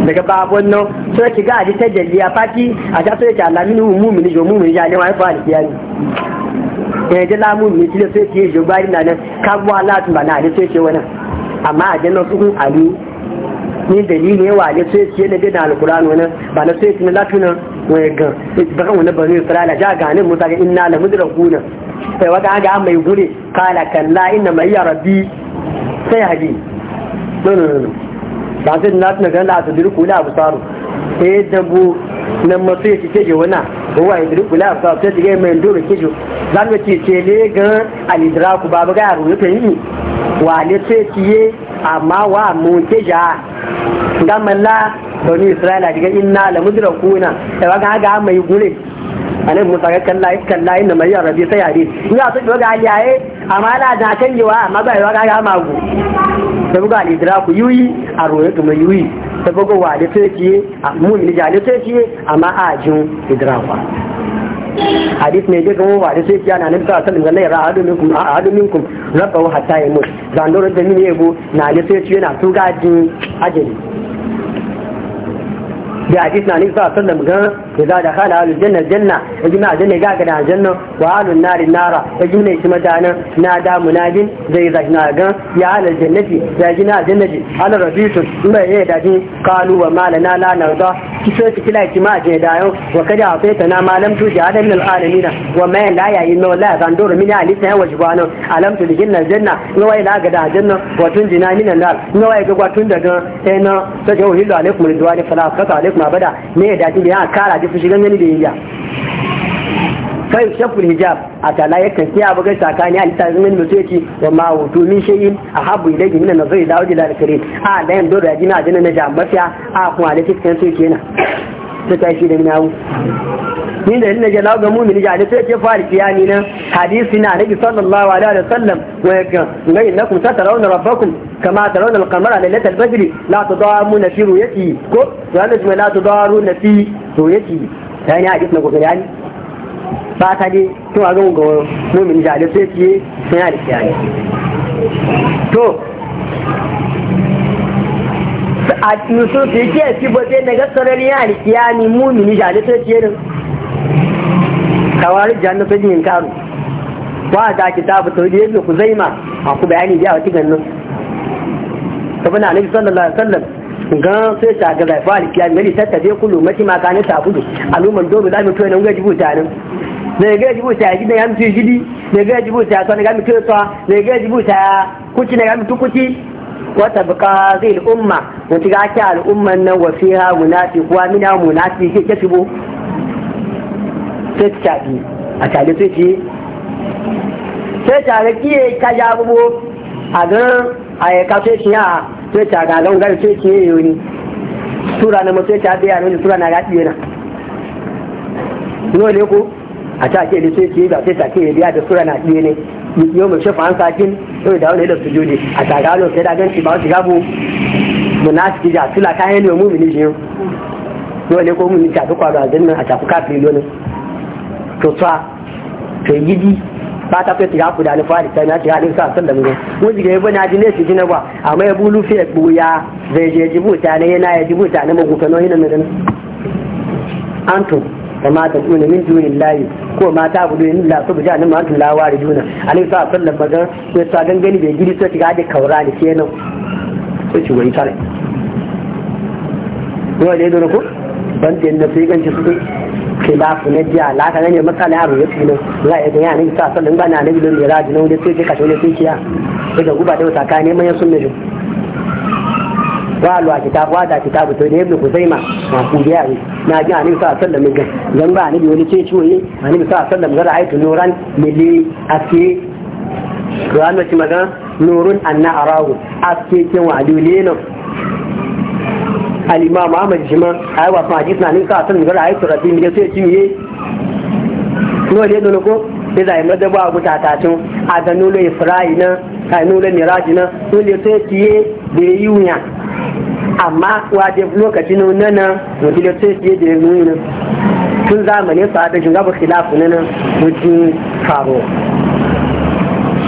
A: daga babon nan sai ki ga ta jalliya faki a ta so yake alamin mu'mini jo mu mu'mini ya ne wai ya alkiyani eh da lamu ne tile sai ki jo bari nan ka gwa Allah tun bana ne sai ki wannan amma a jannan su kun aliyu ni ne wa ne sai ce ne da alkur'ani wani ba na sai ne latuna wani ga ba kan wani bani isra'ila ja ga ne musa ga inna la mudrakuna sai wata ga mai gure kala kalla inna mai ya rabbi sai hadi no no no ba sai na tuna ga la tudriku la absaru sai dabu nan masu yake keje wana ko ya diriku la fa ta dige mai ndoro kejo zan ga ce ne ga ku babu ga ruwa ta yi wa le ce ciye amma wa mu keja gamman la bani isra'ila diga inna la kuna da ga ga mai gure nan musa ga kalla kalla inna mai rabi sai ni a so ga aliyaye amma la da kan yiwa amma ba ga ga magu buga ga ku yuyi a roye kuma yuyi sabogo wa da tsaye mu'mini ja da tsaye amma ajin idrafa hadith ne daga wa da sai kiyana nan ta sallam gallai ra hadu minkum a hadu minkum rabbahu hatta yamut zan dora da mini yego na da sai yana tuga ajin ajali da hadisna ne sa sallam ga idza dakhala ahlul janna janna ajma janna ga ga janna wa ahlun nari nara ajma shi madana na da munadin zai zakna ga ya ahlul jannati ya jina jannati ala rabitu kuma ya da ji qalu wa malana la narda kiso ki kila ki ma je da yo wa kada afaita na malam tu ja da min alamina wa ma la ya yi no la zan dora min ali sai wa jibano alam tu jinna janna no wai la ga da janna wa tun jina min nar no wai ga tun daga ina sai ga hilal alaikum ridwani fala kata su mabada ne ya dace da ya kara da su shigan gani da yayya kai shaful hijab a tala ya kan kiya bugar sakani a littafin min mutu yake wa ma wutu min shay'in ahabbu ilayhi min an-nazari da wajhi al-karim a da yan dole ya jina jina na jambasiya a kuma da cikin su kenan ta tashi da minawu ni da inda jala ga mumin ja da sai ke fari kiyani nan hadisi na nabi sallallahu alaihi wa sallam wa yaka ngai innakum satarawna rabbakum kama tarawna alqamara lailata lailatal badri la tudamuna fi yati ko wala jima la tudaruna fi ru'yati yani hadisi na gobe yani ba ta dai to a ga mumin ja da sai ke sai kiyani to a nusu su yi ke ci bote daga sarari ya alkiyami mumini jali sai ce kawari jannu ta jin karu wa da kitabu tauhid yadda ku zai ma a ku bayani biya wata gannan na annabi sallallahu alaihi sallam gan sai ta ga zai fa alkiyam gari sata zai kulu mati ma ne ta kudu aluman dole za mu to nan gaji buta nan ne gaji buta gidan ya mutu gidi ne gaji buta ya sani ga mutu to ne gaji buta kuci na ga mutu kuci wata buka zai al'umma wata ga ake al'umman nan munafi kuwa mina munafi ke tibo sai ta a tare sai ce sai tare kiye ka ja abubuwa a a ya kafe shi a sai ta ga gan gari sai kiye yoni tura na mutu ta biya ne sura na gaɗi yana no ne a ta ke sai kiye sai ya biya da tura na ɗiye ne yau mai shafa an sakin yau da wani da su jode a ta gano sai da gan shi ba su gabo munafiki da tula kayan ne mu mini jiyo dole ko mun ta duk kwaro a zannan a tafi kafin lonin to tsa to gidi ba ta kai tiga kuda alfari ta na tiga alisa san da mu wuji ga yabo na ji ne shi na ba amma ya bulu fi buya zai je jibuta ne yana ya jibuta ne magu kano yana ne antum kama ta tsuni min dunin layi ko mata ta budu yin lasu sabu jani ma antum lawari juna alai sa sallan maga ya sa gangani bai gidi sai ga da kaura ne kenan sai ci wani tare ko ne don ko ban da na sai ganci su khilafu ne ji alaka ne matsala ya rubuta ne za a ga ne ta sallan bana ne bilin da rajin wanda sai ka shole sai ya, daga guba da wata ne mai sunna ne walwa kitabu wada kitabu da ne ibnu kuzaima ma ku ya yi na ji annabi sa sallan ga zan ba annabi wani ce ciwoye annabi sa sallan ga ra'aytu nuran mili afi Ruwan mace magana nurun an na arahu a cikin wa dole al-imam ahmad jima ai wa fa hadith na nin ka san gara ai to rabbi ne sai ci yi no le don ko da zai da ba guta ta tun a da nulo isra'i na kai nulo miraji na to le sai kiye da yi wuya amma wa da lokacin nan nan to le sai kiye da yi wuya tun zamanin sa da shugaba khilafu nan mutum faro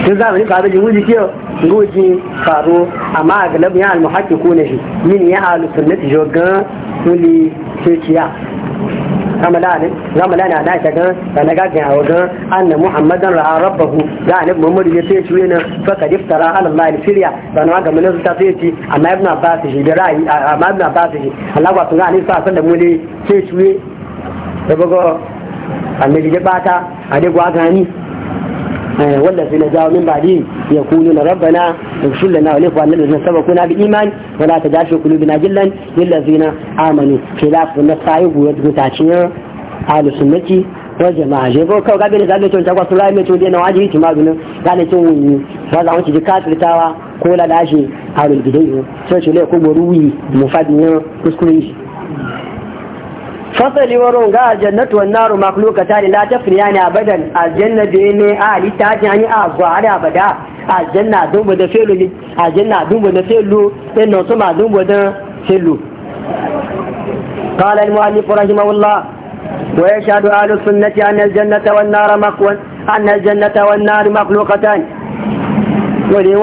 A: sun zamani faru da jimuji kiyo goji faru amma a galabin ya almuhaki ko na shi yin ya halu sunnati jogan tuli ceciya ramala na na shagan da na gagin a wajen anna muhammadan ra'a rabbahu a nufin mamadu ya sai shi nan faka diftara iftara ala allah al-siriya da na waga mun ta sai ci amma ibn abbas shi da ra'ayi amma ibn abbas shi allah wa tunga ne sa san da mule ne shi ne da bago annabi ya bata a dai gwa gani wanda sai da yawa min badi ya kulu na rabana da shule na aure ba na kuna bi iman wajen a taja shuku na gillan lallace na amani. Sai da na sa yi bura daga ta aciya a wani sumbaci wajen maha gicciyi ta takwasa na yi ma a na yi na wani ajiyaki na yi ma a bi na zane ta wuyan yi. Ba zan a aji a wurin gudanarwa sai ta shuka ya kuma gwarin wuyi da mu fasali waron ga na wan naru makhluqata la tafriyani abadan aljanna da ne a halitta ta ni a gwara abada aljanna dumbo da felo ni aljanna dumbo da felo ɗin nan suma dumbo da felo قال المؤلف رحمه الله ويشهد أهل السنة أن الجنة والنار مخلوق أن الجنة والنار مخلوقتان ولي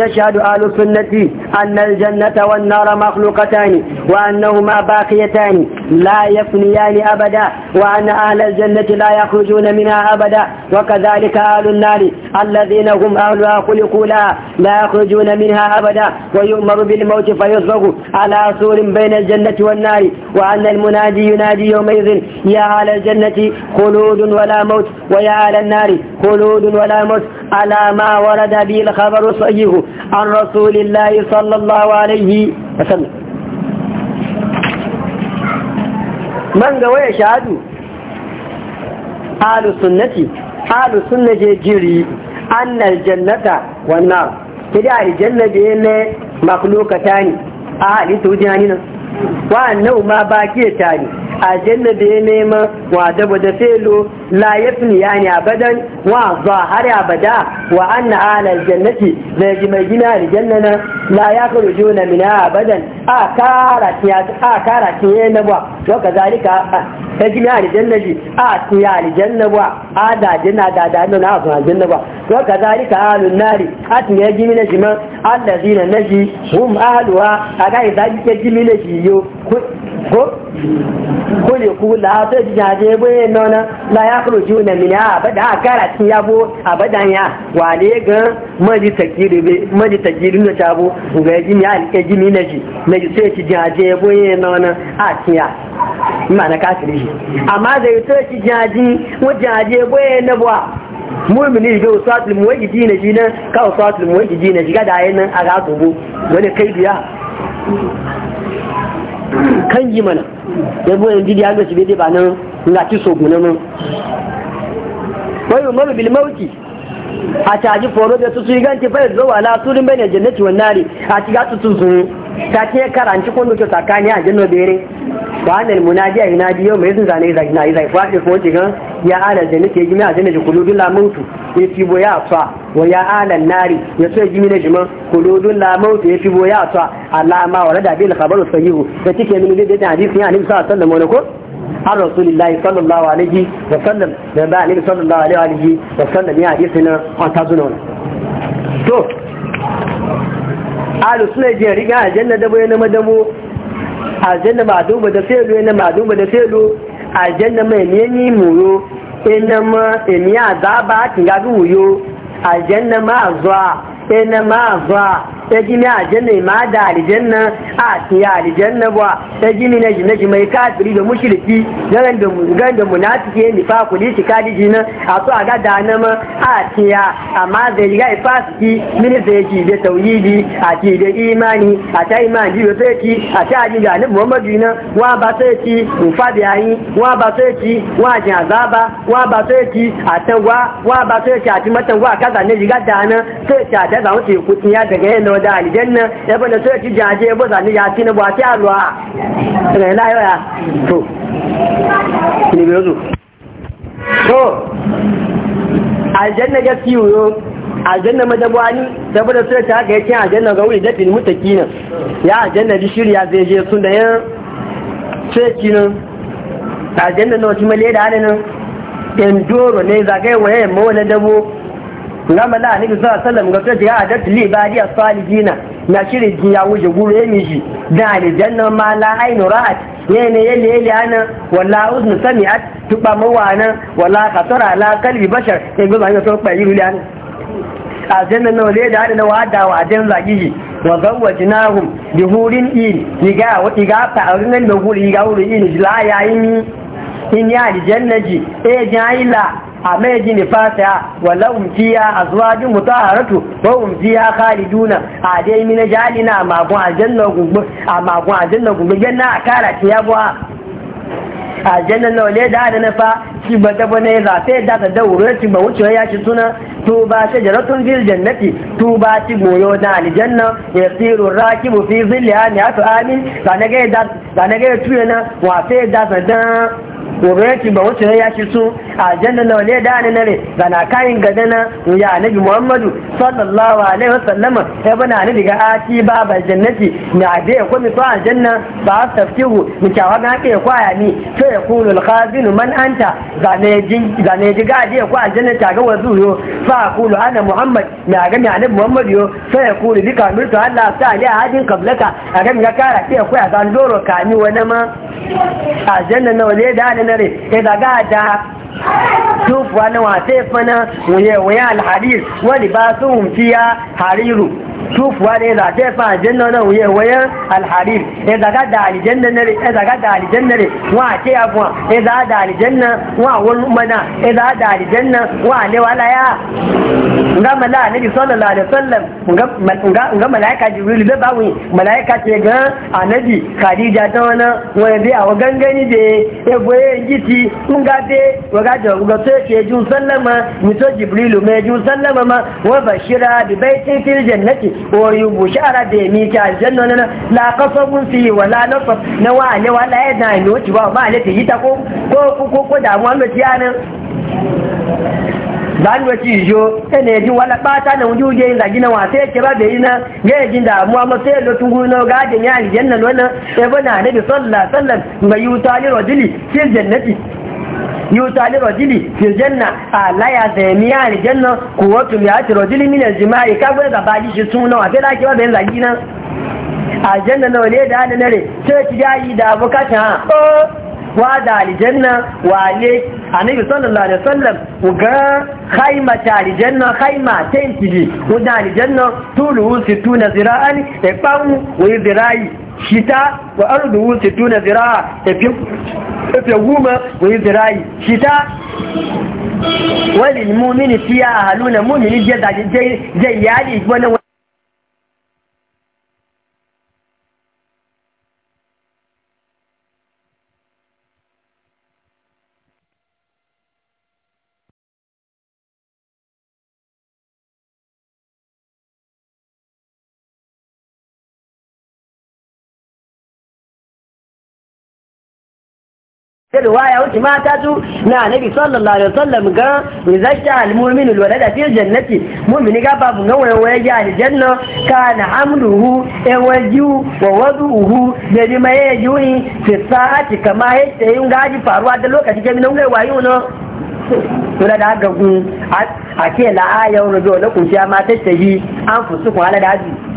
A: يشهد أهل السنة أن الجنة والنار مخلوقتان وأنهما باقيتان لا يفنيان أبدا وأن أهل الجنة لا يخرجون منها أبدا وكذلك أهل النار الذين هم أهلها خلقوا لها لا يخرجون منها أبدا ويؤمر بالموت فيصبغ على سور بين الجنة والنار وأن المنادي ينادي يومئذ يا أهل الجنة خلود ولا موت ويا أهل النار خلود ولا موت على ما ورد به الخبر الصحيح عن رسول الله صلى الله عليه وسلم من قوي يشهد آل السنة آل السنة جري أن الجنة والنار كده الجنة جيري مخلوقتان آل آه، توجهاننا wa'annan ma ba ke tare a janna da ya nema wa daba da felo la ya ya ne abadan wa za har abada wa anna alal jannati da ji mai gina da jannana la ya karu juna mina abadan a kara tiya a kara tiya na ba to kazalika ta a da jannati a tiya da janna ba a da janna da da na a janna ba to kazalika alun nari a tiya gimina jiman allazina naji hum ahluha a ga idan ke gimina ji yo ko ko le ku la ta jaje boye nona la ya khruju na min ha bada kara tin abadan ya wale ga maji takiri be maji takiri na tabo ga ji mi al ji mi sai ci boye nona a amma da ci boye na mu'mini ga usatul na ka usatul na ga da a ga gobo wani kai biya kan yi mana ya bu yanzu da yanga shi bai ba nan lati so guna nan umaru bil mawuki a caji foro da su su yi ganti fa yanzu wala surin bayan jannati wannan a ci ga su sun ta ce karanci kwallo to tsakani a jinno bere ba annal munaji a yunadi yau mai zin zane zai na zai faɗi ko ce gan ya ala da nake gimi a jinna ji kuludun lamautu ya fi boya a tsa wa ya ala nari ya so ya gimi na jiman kuludun lamautu ya fi boya a tsa alama wa rada bil khabaru sahihu da cike min da da hadisi ya annabi sallallahu sallama wani ko har rasulullahi sallallahu alaihi wa sallam da ba annabi sallallahu alaihi wa sallam ya hadisi na an tazuna to ahlu suna je riga aljanna da bayan madamu aljanna ba duba da felo yana ba duba da felo aljanna mai nemi muro ina ma emiya azaba kin ga wuyo aljanna ma zuwa ina ma zuwa ta gini na aljanna ma da aljanna a ta ya aljanna ba ta ji na ji ji mai kafiri da mushriki garan da garan da munafiki ni fa kuli shi ka na a so a ga da na ma a ta ya amma zai ga fasiki min da ji da tauhidi a ti da imani a ta imani da sai ki a ta ji da ni Muhammadu na wa ba sai ki mu fa da yi wa ba sai ki wa ji azaba wa ba sai ki a ta wa wa ba sai ki a ti matan wa kaza ne ji ga da na sai ki a ta za mu ce kuɗi da daga yana da aljanna ya bane so ci aljanna ga kiwo aljanna saboda sura ta ga yake aljanna ga wuri fil mutakina ya aljanna bi shirya zai je sun da yan nan aljanna na wata male da hannun yan doro ne zakai waye mawala dabo ngama la ni bisa sallam ga ta ya adat ba badi as-salihina na shiri ya wuje guru ya miji da aljanna ma la ainu ra'at yene yele yele ana wala uznu sami'at tuba nan, wala khatara la qalbi bashar sai ba ga to bayi ruli ana aljanna na wale da da wada wa adan zagi wa zawwajnahum bi hurin in diga wa diga ta nan da huri diga hurin in la yayin in ya ji e jaila a mai jini fata wala umfiya azwajin mutaharatu wa umfiya khaliduna a dai mina jalina a magun aljanna gungu a magun aljanna gungu yana a kara ki ya buwa aljanna na wale da adana fa shi ba dabo ne za ta da ta da wuri ba wuce ya ci suna to ba jaratun fil jannati to ba ci goyo na aljanna yasiru rakibu fi zilliha a ato amin da na ga da na ga wa ta da da gobe ba wacce ya yaki so a jannan na wale da na ne na kayan gada na ya annabi muhammadu sallallahu alaihi wasallama ya bana ne daga aki ba ba jannati na da ya kwami fa janna ba tafkihu mu kyawa ga ke kwaya ni to ya kulul khazin man anta zane jin zane diga da ya kwa janna ta ga wazu yo fa kulu ana muhammad na ga ni annabi muhammadu yo sai ya kulu bika mirtu allah ta ali hadin kablaka a ga mi ga kara ke kwaya zan doro kani wani ma a jannan na wale da sanare ya daga da tufuwa na wata fana wuye wuye alharir wani ba su humfiya hariru tufuwa da ya zace fa aljanna na wuye wayan alharif ya e zaga da aljanna ne ya e zaga da aljanna re wa ce ya fuwa ya e zaga da aljanna wa wani mana ya zaga da aljanna wa ne wala laya nga mala nabi sallallahu alaihi wasallam nga nga nga malaika jibril da bawi malaika ce ga annabi khadija ta wana wani bi awa gangani da ya boye giti mun ga be waga da ga sai ce jun sallama mito jibril mai jun sallama ma wa bashira bi baitin fil jannati Oyu yi bushara da ya mita janna na la kasabun fi wa la nasab na wa ne wa la yana ne wuce ba ma ne ta yi ta ko ko ko ko mu ne ci anan Ba wa ci jo ene ji wala ta na wuju je da gina wa sai ke ba be ina ga ji mu ma sai lo tungu no ga da ya aljanna no na sai ne bi sallallahu alaihi wasallam mai li rajuli fil jannati yuta li rajuli fil janna ala ya zamiya al janna quwwatu mi'ati rajuli min al jima'i ka gwada ba ji shi suna wa da ki ba ben zagi nan a janna na wale da hada nare sai da yi da abokata o wa da aljanna wa le annabi sallallahu alaihi wasallam ga khaima ta aljanna khaima tentiji wa da aljanna tulu situna zira'an e pawu wa zira'i shita wa ardu situna zira'a e fi e goma wa zira'i shita wal mu'mini fiya ahluna mu'mini jada jay yali wannan
B: Waya wuce mata su na nabi sallallahu alaihi wasallam ga rizashta almu'min
A: alwalada fi jannati mu'mini ga babu ga waya-waya waye ga aljanna kana hamluhu e waju wa waduhu da ni mai yuni fi sa'ati kama yadda yin gaji faruwa da lokaci ke min ga wayo no sura da ga gun a ke la ayu na la kuciya mata tahi an fusu kun ala daji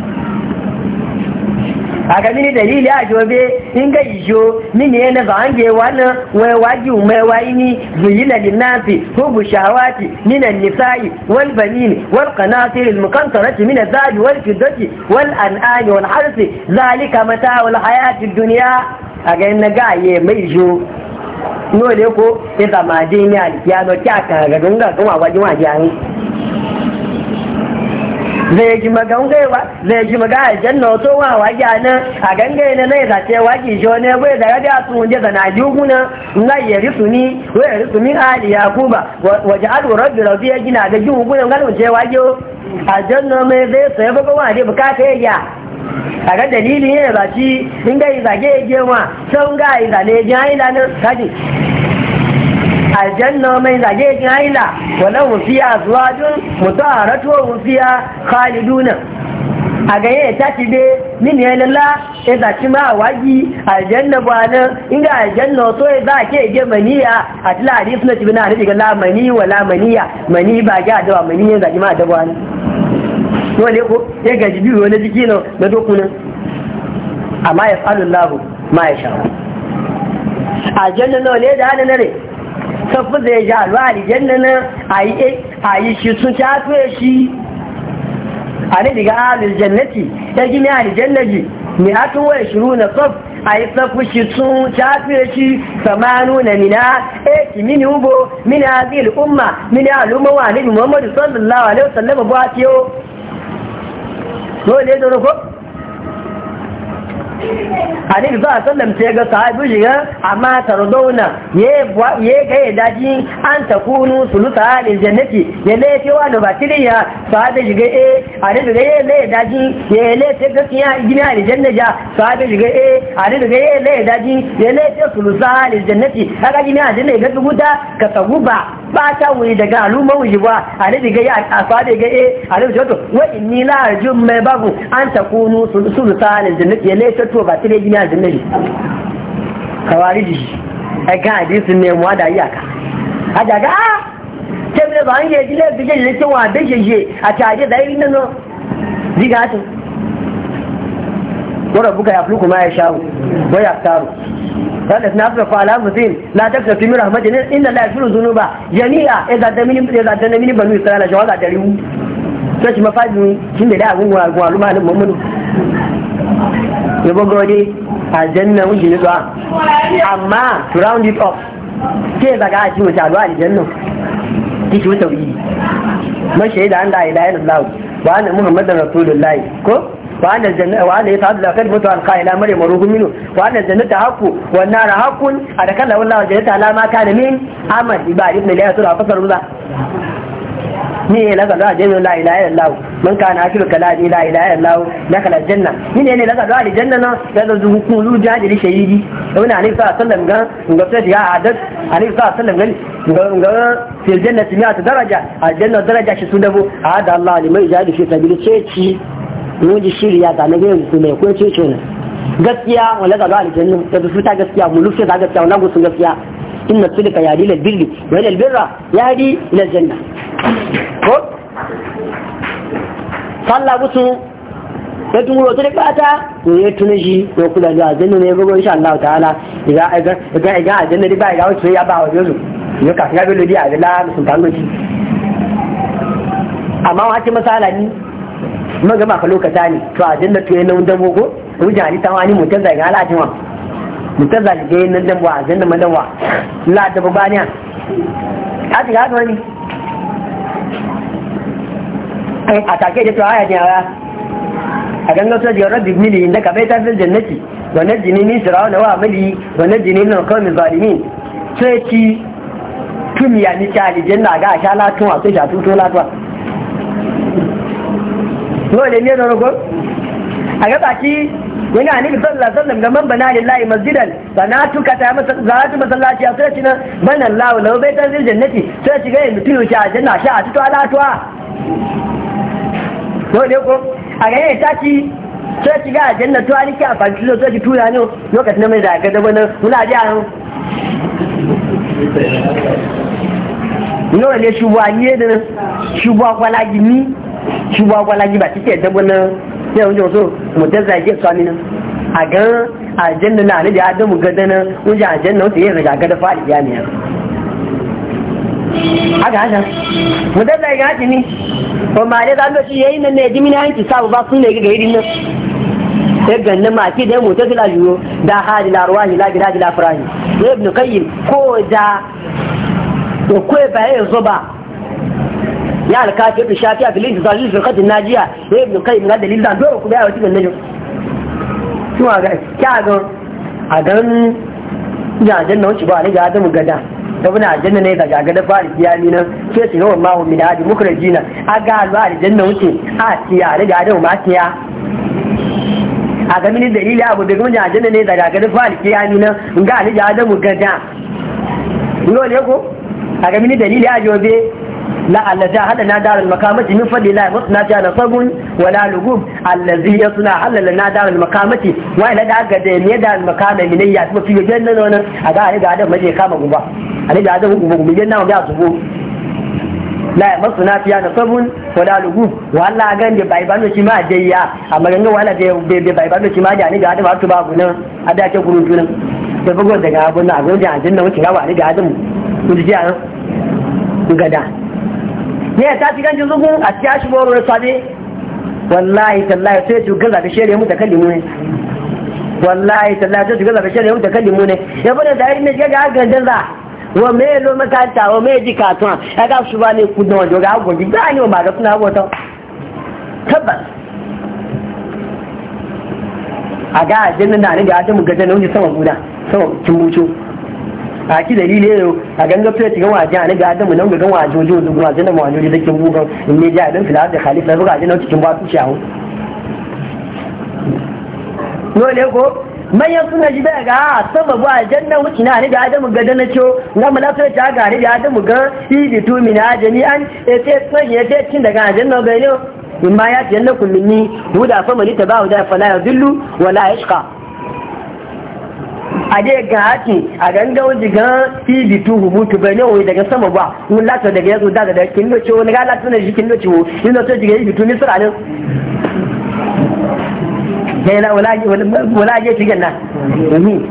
A: aga mini dalili a jobe in ga ijo mini na ba an je wannan wai waji mai wai ni zuyina linnasi hubu shahawati min nisai wal banin wal qanatir al-muqantarati min al zaj wal fiddati wal an'ani wal harsi zalika mata'u al-hayati ad-dunya ga in ga ye mai ijo no le ko ita ma je ni alkiyano kya ka ga dunga kuma waji waji an zai ji magangai ba zai ji maga aljanna wato wa waja na a gangai na nai zace waji jo ne bai da rabiya su je da najugu na ngai ya risu ni wa ya risu min ali yakuba waje adu rabbi rabbi ya gina ga jugu gunan galun je wajo aljanna mai zai sai ba wa dai bukata ya a ga dalilin yana zaci in ga izage ya je wa sun ga izale ya ji haila nan aljanna mai zage jin haila wala wufiya zuwajun mutaharatu wa wufiya khaliduna a gaye ya tashi be min ya lalla ya zaci ma waji aljanna ba nan inga aljanna so ya za ke je maniya a tila hadis na tibina a rubi la mani wala maniya mani ba ga da mani ya zaci ma da ba nan dole ko ya gaji biyu wani jiki na na dokunan amma ya fa'alullahu ma ya sha'a aljanna nawa ne da na ne kafa zai ja alwa aljanna na a yi shi sun shafe shi a ne daga aljannati ya gini aljannaji mai haka waya shiru na kaf a yi safu shi sun shafe shi samanu na mina e mini ubo mini zil umma mini al'umma wa nabi muhammadu sallallahu alaihi wasallam ba ta yau dole da rukun annabi ba sallam sai ga sahabi shiga amma tarzauna ye ga ya daji an takunu sulusa lil jannati ya lefe wa da batiriya sahabi shiga eh annabi ga ye le daji ye le sai ga kiya gina lil jannati sahabi shiga eh annabi ga ye le daji ye le sai sulusa lil jannati kaga gina da ne ga dubuta ka taguba Ba bata wuyi daga aluma wuyi ba a ne diga a afa da ga eh a ne to wa ni la arjum mai babu an ta takunu sultanin jannati ya ne to ba tire gina jannati kawariji ai ga hadisi ne mu da iyaka a daga ah, kebe ba an yi jile bije jile ce wa be jeje a caje da yi nano diga to wanda buka ya fulu kuma ya shawo ko ya taru kada na fi fa ala mutin la takta fi min rahmatin inna la yaghfiru dhunuba jami'a idza damini idza damini banu da jawaza dariu sai mafadi kin da da gunwa gunwa lumalin mu'minu yabo gode aljanna wuji ne ba amma to round it up ke daga aji wuce alwa aljanna ki shi wuce wuyi mashi da an da ila ila rasulullahi ko وأن الجنة وأن يتعب لا مريم مروق منه وأن الجنة حق والنار حق ما كان من عمل الله فصل الله ni ne laka da jami'in la ilaha illallah man kana akiru kala ni la ilaha illallah laka janna ni ne laka da janna na da da zuhu kulu jahili shahidi ibn ali sallallahu alaihi ga ga sai ya adat ali sallallahu alaihi ga ga fil jannati mi'at daraja a janna daraja shi su hada allah ce mun ji shiri ya zane ga yanzu mai kun ce ne gaskiya wala da zalika nan da su ta gaskiya mu lufe ta gaskiya wala gusun gaskiya inna sulika ya dilal birri wa ilal birra ya di ila janna ko falla gusu ya wuro tun bata to ya shi ko kula da janna ne bugo insha Allah ta'ala idan aiga idan aiga janna riba ya wuce ya ba wa yanzu ya ka ya bi lodi a da la sun kan amma wace masala ni man gama ka lokata ne to a janna to yayin yana dan bogo ruja ni tawani mutan da ga alaji wa mutan da ga yana dan wa janna man dan wa la da babaniya a ti ga wani eh, a take da to aya ne aya a ganga to jiyar rabbi mili inda ka bai ta fil jannati wa najini min fir'auna wa amali wa najini min al-qawmi zalimin sai ki tum ni ta aljanna ga sha latuwa sai sha tuto latuwa nawa ne ne na rago a ga baki wani a nabi sallallahu alaihi wasallam ga man bana lillahi masjidan bana tuka ta masa zatu masallaci a sai cinan bana lahu lahu bai tan zil jannati sai ci ga mutum ya a sha a tuwa latuwa ko ne ko a ga yayin taki sai ci ga janna to ali ka fa kilo sai ci tura ne lokacin da mai da ga dabo nan muna ji a nan nawa ne shubwa ne da shubwa kwala gimi shi gwagwa ji ba kike da wannan ya ne so mu da zage su amina a ga janna na ne da adamu gada na a janna wata yin riga gada fa aljamiya
B: haka haka mu
A: da zage haka ne ba ma da zan shi yayin nan ne jimina yanki sabu ba sun ne ga irin nan sai ganna ma ke da mutar da juyo da hali la ruwahi la gida la farahi ibn qayyim ko da ko ba ya zo ba ya alkafi ibn shafi a filin zalil firkatin najiya ya ibn kai na zuwa da dole ku bayawa cikin najin kuma ga kya ga a gan jajen na wuce ba ne ga adamu gada ta wani aljanna ne ga gada fari da kiyami nan ke su yawan da min hadi mukrajina a ga alba aljanna wuce a siya da ga adamu ma siya a ga mini dalili abu da gumja aljanna ne ga gada fari da kiyami nan ga aljanna adamu gada ne ko a ga mini dalili a jobe la allaja hada na daral makamati min fadila na sabun wala lugum na daral wa ila da ga da ne daral makama min ya su fi gajen nan a ga da maje kama da da guba na sabun wala lugum wala ga ne bai bano shi ma dayya amma ga da bai bano shi ma da ni ga da ba su ba gunan a da ke gurun tunan da bugo daga abun na gojin ajin nan wuce ga wani ga adam ku ji an gada ne ta ci ganjin zugu a ci ashi boro da sabe wallahi tallahi sai ci gaza da shere mu da kallimu ne wallahi tallahi sai ci gaza da shere mu da kallimu ne ya bane da irin ne ga ganjin za wa me lo makanta wa me ji katun ya ga su ba ne ku da wajo ga gogi ba ni ma ga suna bota tabbas a ga ajin da ni ga ta mu gaje ne wani sama guda sama kin buco a ki dalili yau a ganga fiye ci gawa jiya ne ga adamu nan ga gawa jojo zuwa jina ma wajoji da kin gugan in ne jiya don filar da khalifa zuwa na cikin ba su shawo no ne ko manyan suna ji daga a ah, sababu a jannan wuce na ne da adamu ga dana ciwo na mulafiyar ta ga ni da adamu ga ibi tu min ajami an ete ya ce cin daga jannan ga ne in ma ya ce yanna kullumi huda fa mali tabahu da fala yadillu wala ya shika a dai ga haƙi a ganga wajen gan fili tuhu mutu bai ne daga sama ba mun lati daga yanzu da da kin lo ciwo daga lati na kin doce wo yin da to jiga yi fitu ni sura ne sai na wala wala je shigan na ni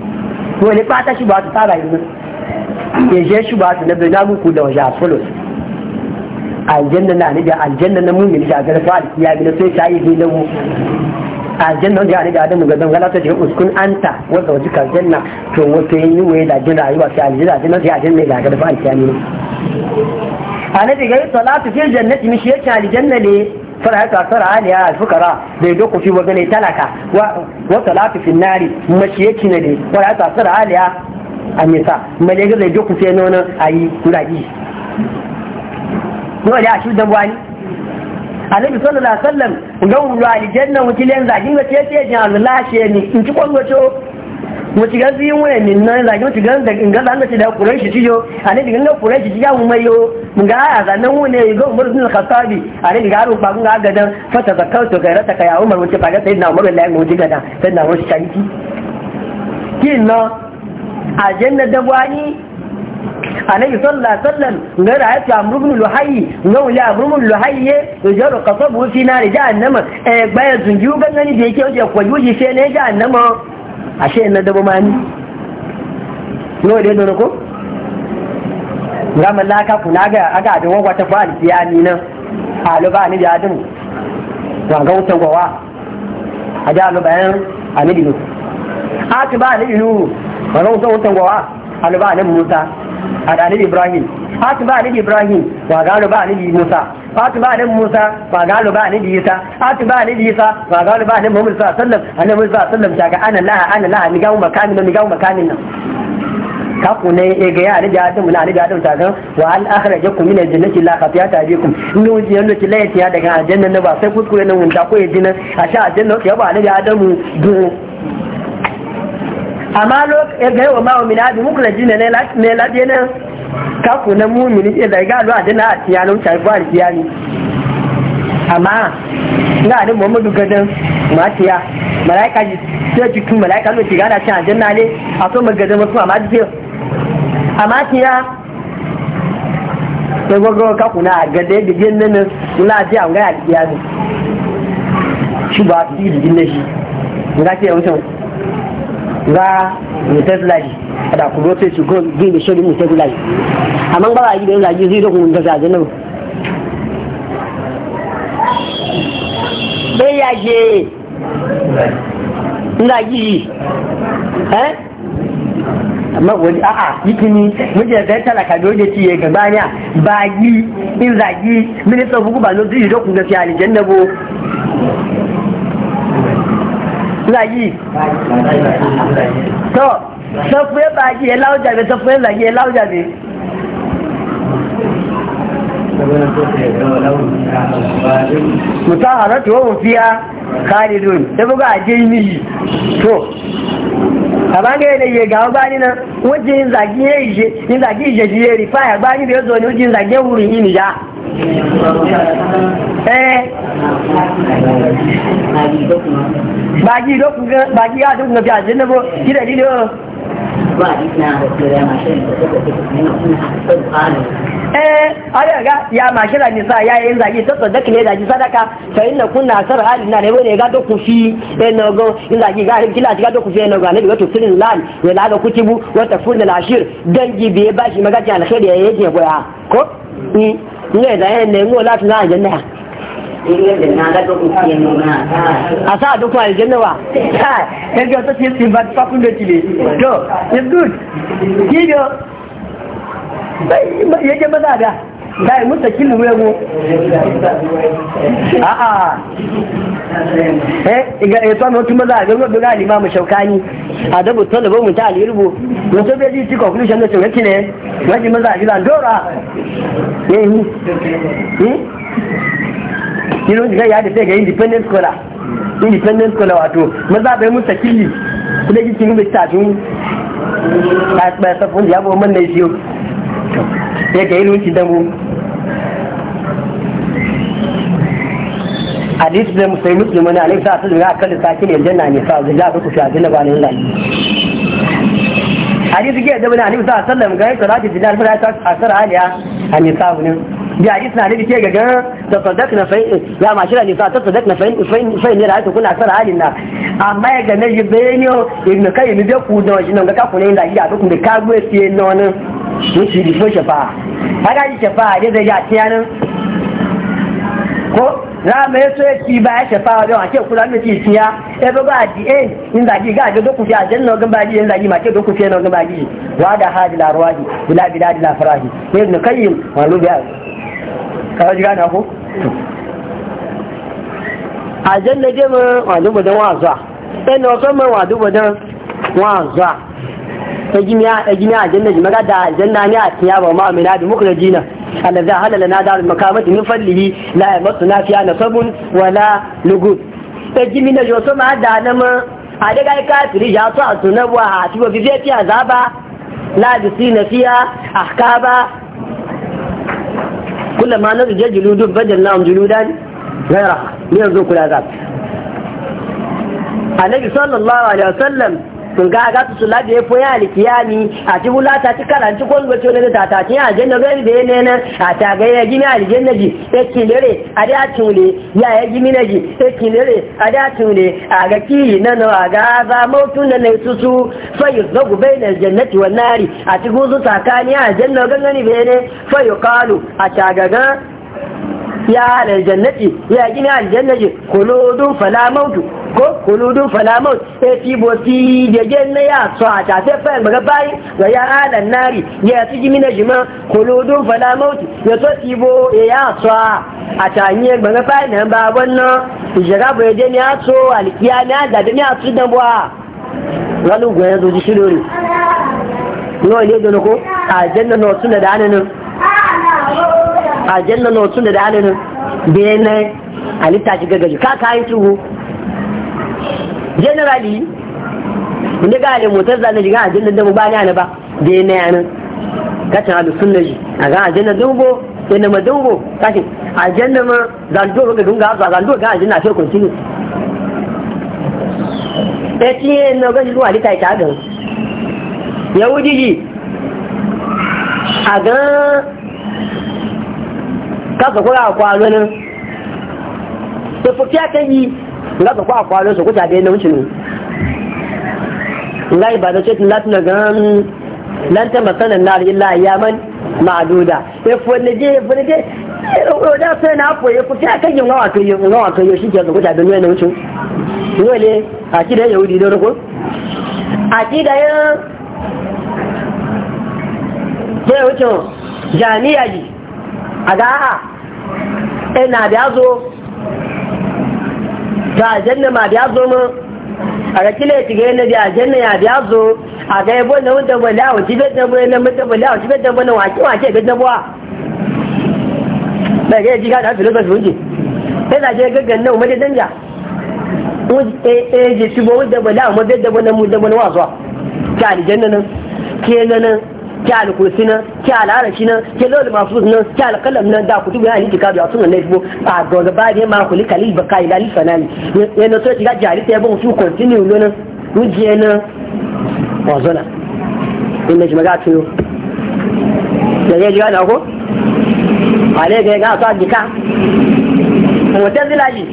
A: ko ne ta shi ba su fara yi ne je shi ba su na bai na muku da waje a fulo aljanna na ni da aljanna na mumin da ga bi na sai ta yi ne da mu aljanna wanda ya riga adam ga dangana ta ce uskun anta wanda wajen ka janna to wato yin yiwu da jin rayuwa sai aljanna aljanna sai aljanna ga da fa na annabi ga salatu fil jannati mishi yake aljanna ne fara ta fara aliya alfukara bai doko fi wagane talaka wa salatu fil nari mashi yake ne fara ta fara aliya anisa malaga zai doko fi nono ayi kuradi dole a shi shudan wani annabi sallallahu alaihi wasallam ga wuri aljanna wuci len zagin ga ce ce jin Allah shi ne in ci kwallo ce wuci ga zin wani min nan zagin wuci ga da in ga zan da kuran shi ciyo annabi ga kuran shi ya mu mayo mun ga aya zanan wani ga Umar bin Khattab annabi ga ru bagun ga gadan fa ta zakautu gairata ka ya Umar wuce ba ga sayyidina Umar wallahi mu ji gadan sayyidina Umar shi kin na aljanna da wani annabi sallallahu alaihi wasallam ga da ya amru ibn luhayy ga wala amru ibn luhayy ya kaso qasabu fi na nar jahannama eh baya zungiu gangani da yake ko kwajuji sai ne jahannama ashe na dabo mani no dai don ko ga mallaka kuna ga aga da wagwa ta fa alkiyami nan halu ba ni da adamu to ga wutan gwa a da bayan annabi nuhu aka ba annabi nuhu wuta wutan gwa alba annabi musa a ibrahim fatu ba nabi ibrahim wa galo ba nabi musa fatu ba nabi musa wa galo ba nabi isa fatu ba nabi isa wa galo ba nabi muhammad sallam, alaihi wasallam annabi sallallahu alaihi wasallam daga ana laha ana laha ni gawo makamin ni gawo makamin nan ka ku ne e ga ya nabi adam na nabi adam ga wa al akhrajakum min jannati la khatiyata bikum ni wuji yanda ki laye ya daga aljanna na ba sai kuskure nan ta ko yajina a sha aljanna ke ba nabi adam du amma lokacin eh, ga yawa mawa mina bi muku laji ne ne laje ne ku eh, na mumini ce da ga alwa dana a tiyana wuce ba a tiyani amma na da muhammadu gadan matiya malaika ji sai ji tun malaika lo ci gada cin aljanna ne a so magadan wasu amma ji amma tiya sai gwagwa ku na gada da jin nan la ji a ga alkiyami shi ba su yi jin shi ga ce yawancin ga mutazlaji da ku rote su go gi be shodi mutazlaji amma ba yi da zaji zai da kun ga zaji nan bai ya je ina ji eh amma wani a'a yikini muje da talaka doje ciye gabanya ba yi in zagi minista bugu ba zai zai da kun ga fi aljanna bo láyé To, sọ pé bàjẹ́ ẹ láwùjá mi sọ pé bàjẹ́ ẹ láwùjá mi. mutaharatu wa fiya khalidun da buga aje ni to aba ne da ye ga ba ni na waje zagi ye je ni zagi je je ri fa ya ni da zo ni waje zagi wuri ni ya Eh. baji dokun ga baji ya dokun ga jajin na bo ki da ni ne eh ada ga ya mashira ni sa ya yin zagi ta sadaka ne zagi sadaka fa inna kunna sar hali na ne bane ga doku fi eno eh, go in zagi ga kila ga doku fi eno eh, ga ne ga to sirin lan we la ga kutubu wa tafurnal ashir dangi biye bashi magaji alkhairi ya yaje goya ko ni ne da yan ne ngo lati na aljanna asa adukun aljanna wa kai kaga to ti ti bad fakun de ti le to it's good kido yake maza kai musa kilu wego a a eh iga e to mutum za a ga gobe ga limamu shaukani adabu talaba mun ta alirbu wato bai ji ci conclusion da cewa kine wani maza a? da dora eh eh kino ga ya da sai ga independent scholar independent scholar wato maza bai musa kili kuma ji kinu mu ta tun ta ba sa fun ya bo man ne shi daga yin wuce damu hadis da musayi musulmi ne alaihi sa'a tudu aka da sakin aljanna ne sa'a zai zaɓi ku fi aljanna ba nan lai hadis ke da bani alaihi sa'a sallam ga yin salati da alfara ta asar sara aliya a nisa ne bi hadis na ne ke gaga ta sadak na fa'in ya ne nisa ta sadak na fa'in fa'in ne da ake kuna sara alin na amma ya ga ne yi bayaniyo ibn kai ni da ku da wajen nan ga kakuna yin da shi a duk da ka gwe na nonin shi shi difo shafa'a haka ji shafa'a ne zai ji a tiyanin ko za mu yi so ci ba ya shafa'a a kula mai ci ya zo ba a zagi ga ga doku a jan nogan baji in zagi ma ke doku fiye nogan baji wa da hadi la ruwaji bila bila la farahi ne ibn qayyim walu biya ka ji gana ko a jan da je mu walu budan wa zuwa ɗan da wa zuwa ejimiya ejimiya janna jimaga da janna ne a tiya ba ma amina bi mukrajina allazi halala na darul makamati min fadlihi la yamassu nafiya nasabun wala lugub ejimina yo so ma da na ma a daga kafiri ya so a sunabu a tibo bi fi azaba la bisi nafiya ahkaba kullama nazija juludun badalnahum juludan غيرها ليذوقوا العذاب النبي صلى الله عليه وسلم sun ga ga su sula da ya fi yana kiyami a ti hula ta ci karanci ko zuwa cewa da ta ci a janna gari da yana nan a ta ga ya gini aljanna ji ya kilere a e da tule ya ya gini na ji ya e kilere a da tule a ga ki na na a ga za mautu na na su su fayu zagu bai na jannati wa nari a ci guzu tsakani a janna gangani bai ne fayu kalu a ta ga ya halal jannati ya gini aljannati kuludun fala mautu ko kuludun fala maut e ti bo ti ya so a ta fe fa bayi ga ya halan nari ya ti gimi na jima kuludun ya to ti bo ya so a ta nye bayi nan ba wannan ijara bo je ni a so alkiyama da ni a su dan bo a ya shi lori da ko a janna suna da ananin
B: aljanna na wasu da dalilin da
A: ya na halitta shi gaggaji ka kayi tuhu generally inda ga alimu ta zane shiga aljanna da mu ba ni ba da ya na yanin kacin alu sunna ji a ga aljanna dubo ya na madungo kacin aljanna ma zanto ga dunga za zanto ga aljanna sai continue e ta ciye na gashi zuwa alita ita gan yahudiji a gan kasa kwa kwalo nan to fuki aka yi nga ka kwa kwalo so kuta da ba e da ta masanan nar illa yaman sai na ko yi nga wato yi nga wato yi shi ke kuta da a kida yahudi a jami'a ji a ga'a ina da ya zo ta janna ma da ya zo mu a rakile ti ga yana da janna ya da ya zo a ga yabo na wanda bala wa jibe da bala na mutum bala wa jibe da bala na ki wa ke ga da bwa da ga ji ga da filosofi wuce sai eh, eh, na je gaggan nan mu da danja e je shi bo wanda bala mu da bala mu da bala wa zuwa ta aljanna nan kenan nan ki alkursi nan ki alarashi nan ki lol mafuz nan ki alkalam nan da kutubu ya liti kabi asunan na ibo a gaga ba ne ma kuli kalil baka ila lil fanani ya no sai ga jari sai bon su continue lo nan na, nan wazona in ne jimaga tuyo da ya jiga na ko ale ga ga ta jika mutan zilaji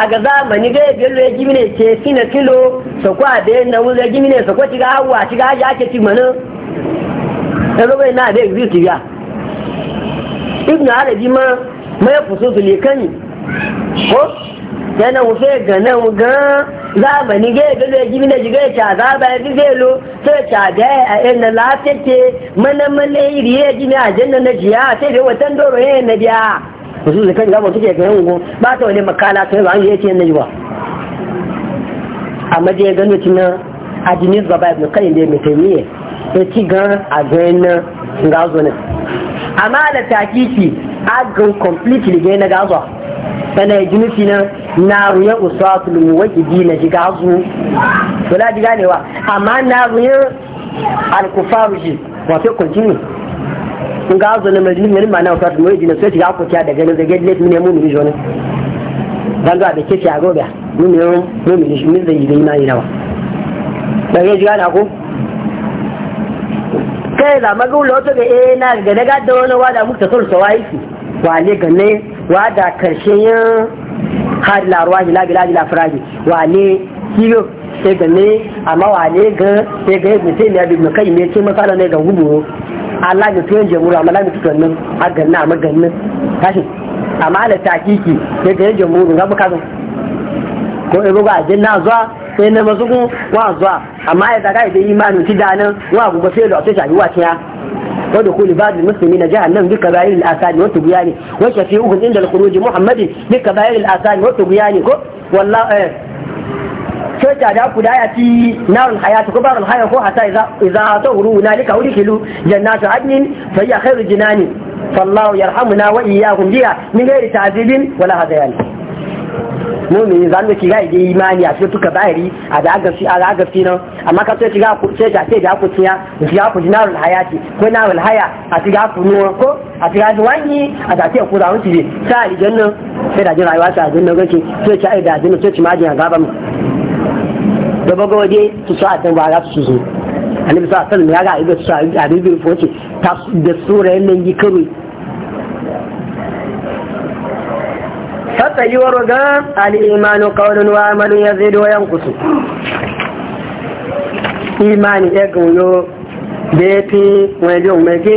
A: a ga zamani ga bello ya gimine ce fina kilo sakwa da na wuri ya gimine sakwa ci ga hawa ci ga haji ake ci mana. lọ́wọ́ iná àdé exist yá ibùn bí mọ́ mẹ́fùsùsù lè kẹ́yìn kó yana wufe ganin gan gàn ga ya gado ya ji mina jiga ya ca za ba ya fi zai lo sai ca da ya yi na lafiya ke mana ìrì iri ya ji na nà na sai ìrì wọ́n doro ya yi na biya wasu da kan gaba suke ga yango ba ta ya ci gan a na gazo ne amma da takiki agan completely ga na gazo sana ya jinufi na na ruyan usuwa tulumu na ji na shiga su kula ji ganewa amma na ruyan alkufaru shi wato continue sun gazo na majalis ma na usuwa tulumu waki ji na sai a daga nan zage late ne mu miri ne dan zuwa da kefi a gobe mu ne mu miri shi min zai yi da ina yi nawa daga ji kai za maga wula wato ga eh na ga daga da wani wada muka sun sa wayi ki wale ga ne wada karshen yin har ruwa ila bila jila firaji wale kiyo sai ga ne amma wale ga sai ga ibn sai ya bibin kai me ce masala ne ga gudu Allah ya tuyan jamura amma lamu tukan nan a ganna amma gannan tashi amma la takiki sai ga jamuru ga buka ko ego ga jinna zuwa sai na masu kun wa zuwa amma ya zaga idan imanin ti danan wa gugu sai da sai shafi wakiya wa dukul ba'd muslimina jahannam bi kaba'ir al-asani wa tubyani wa shafi'uhum inda al-khuruj muhammadin bi kaba'ir al-asani wa tubyani ko wallahi sai da ku da ya ci narun hayatu ko barul hayat ko hata idza idza tawru nalika udkhilu jannatu adnin fa hiya khairu jinani فالله يرحمنا وإياكم بها من غير تعذيب ولا هذيان mumini zan da shiga ide imani a cikin tuka bayari a da agafi a da agafi nan amma ka sai shiga ku sai ta ce da ku tiya ku shiga ku jinarul hayati ko narul haya a shiga ku nuwa ko a shiga da wani a da sai ku da wuce sai a nan sai da jin rayuwa sai a nan gake sai ci aida da jin sai ci majin a gaba mu da bago waje su sa tan ba ga su zo annabi sa sallallahu alaihi wasallam ya ga ibe su a bibi foce ta da sura nan yi kawai fata yi waro ga al'imanu kaunin wa amalin ya zai doyan yankusu. imani ya gulo da ya fi wani umarge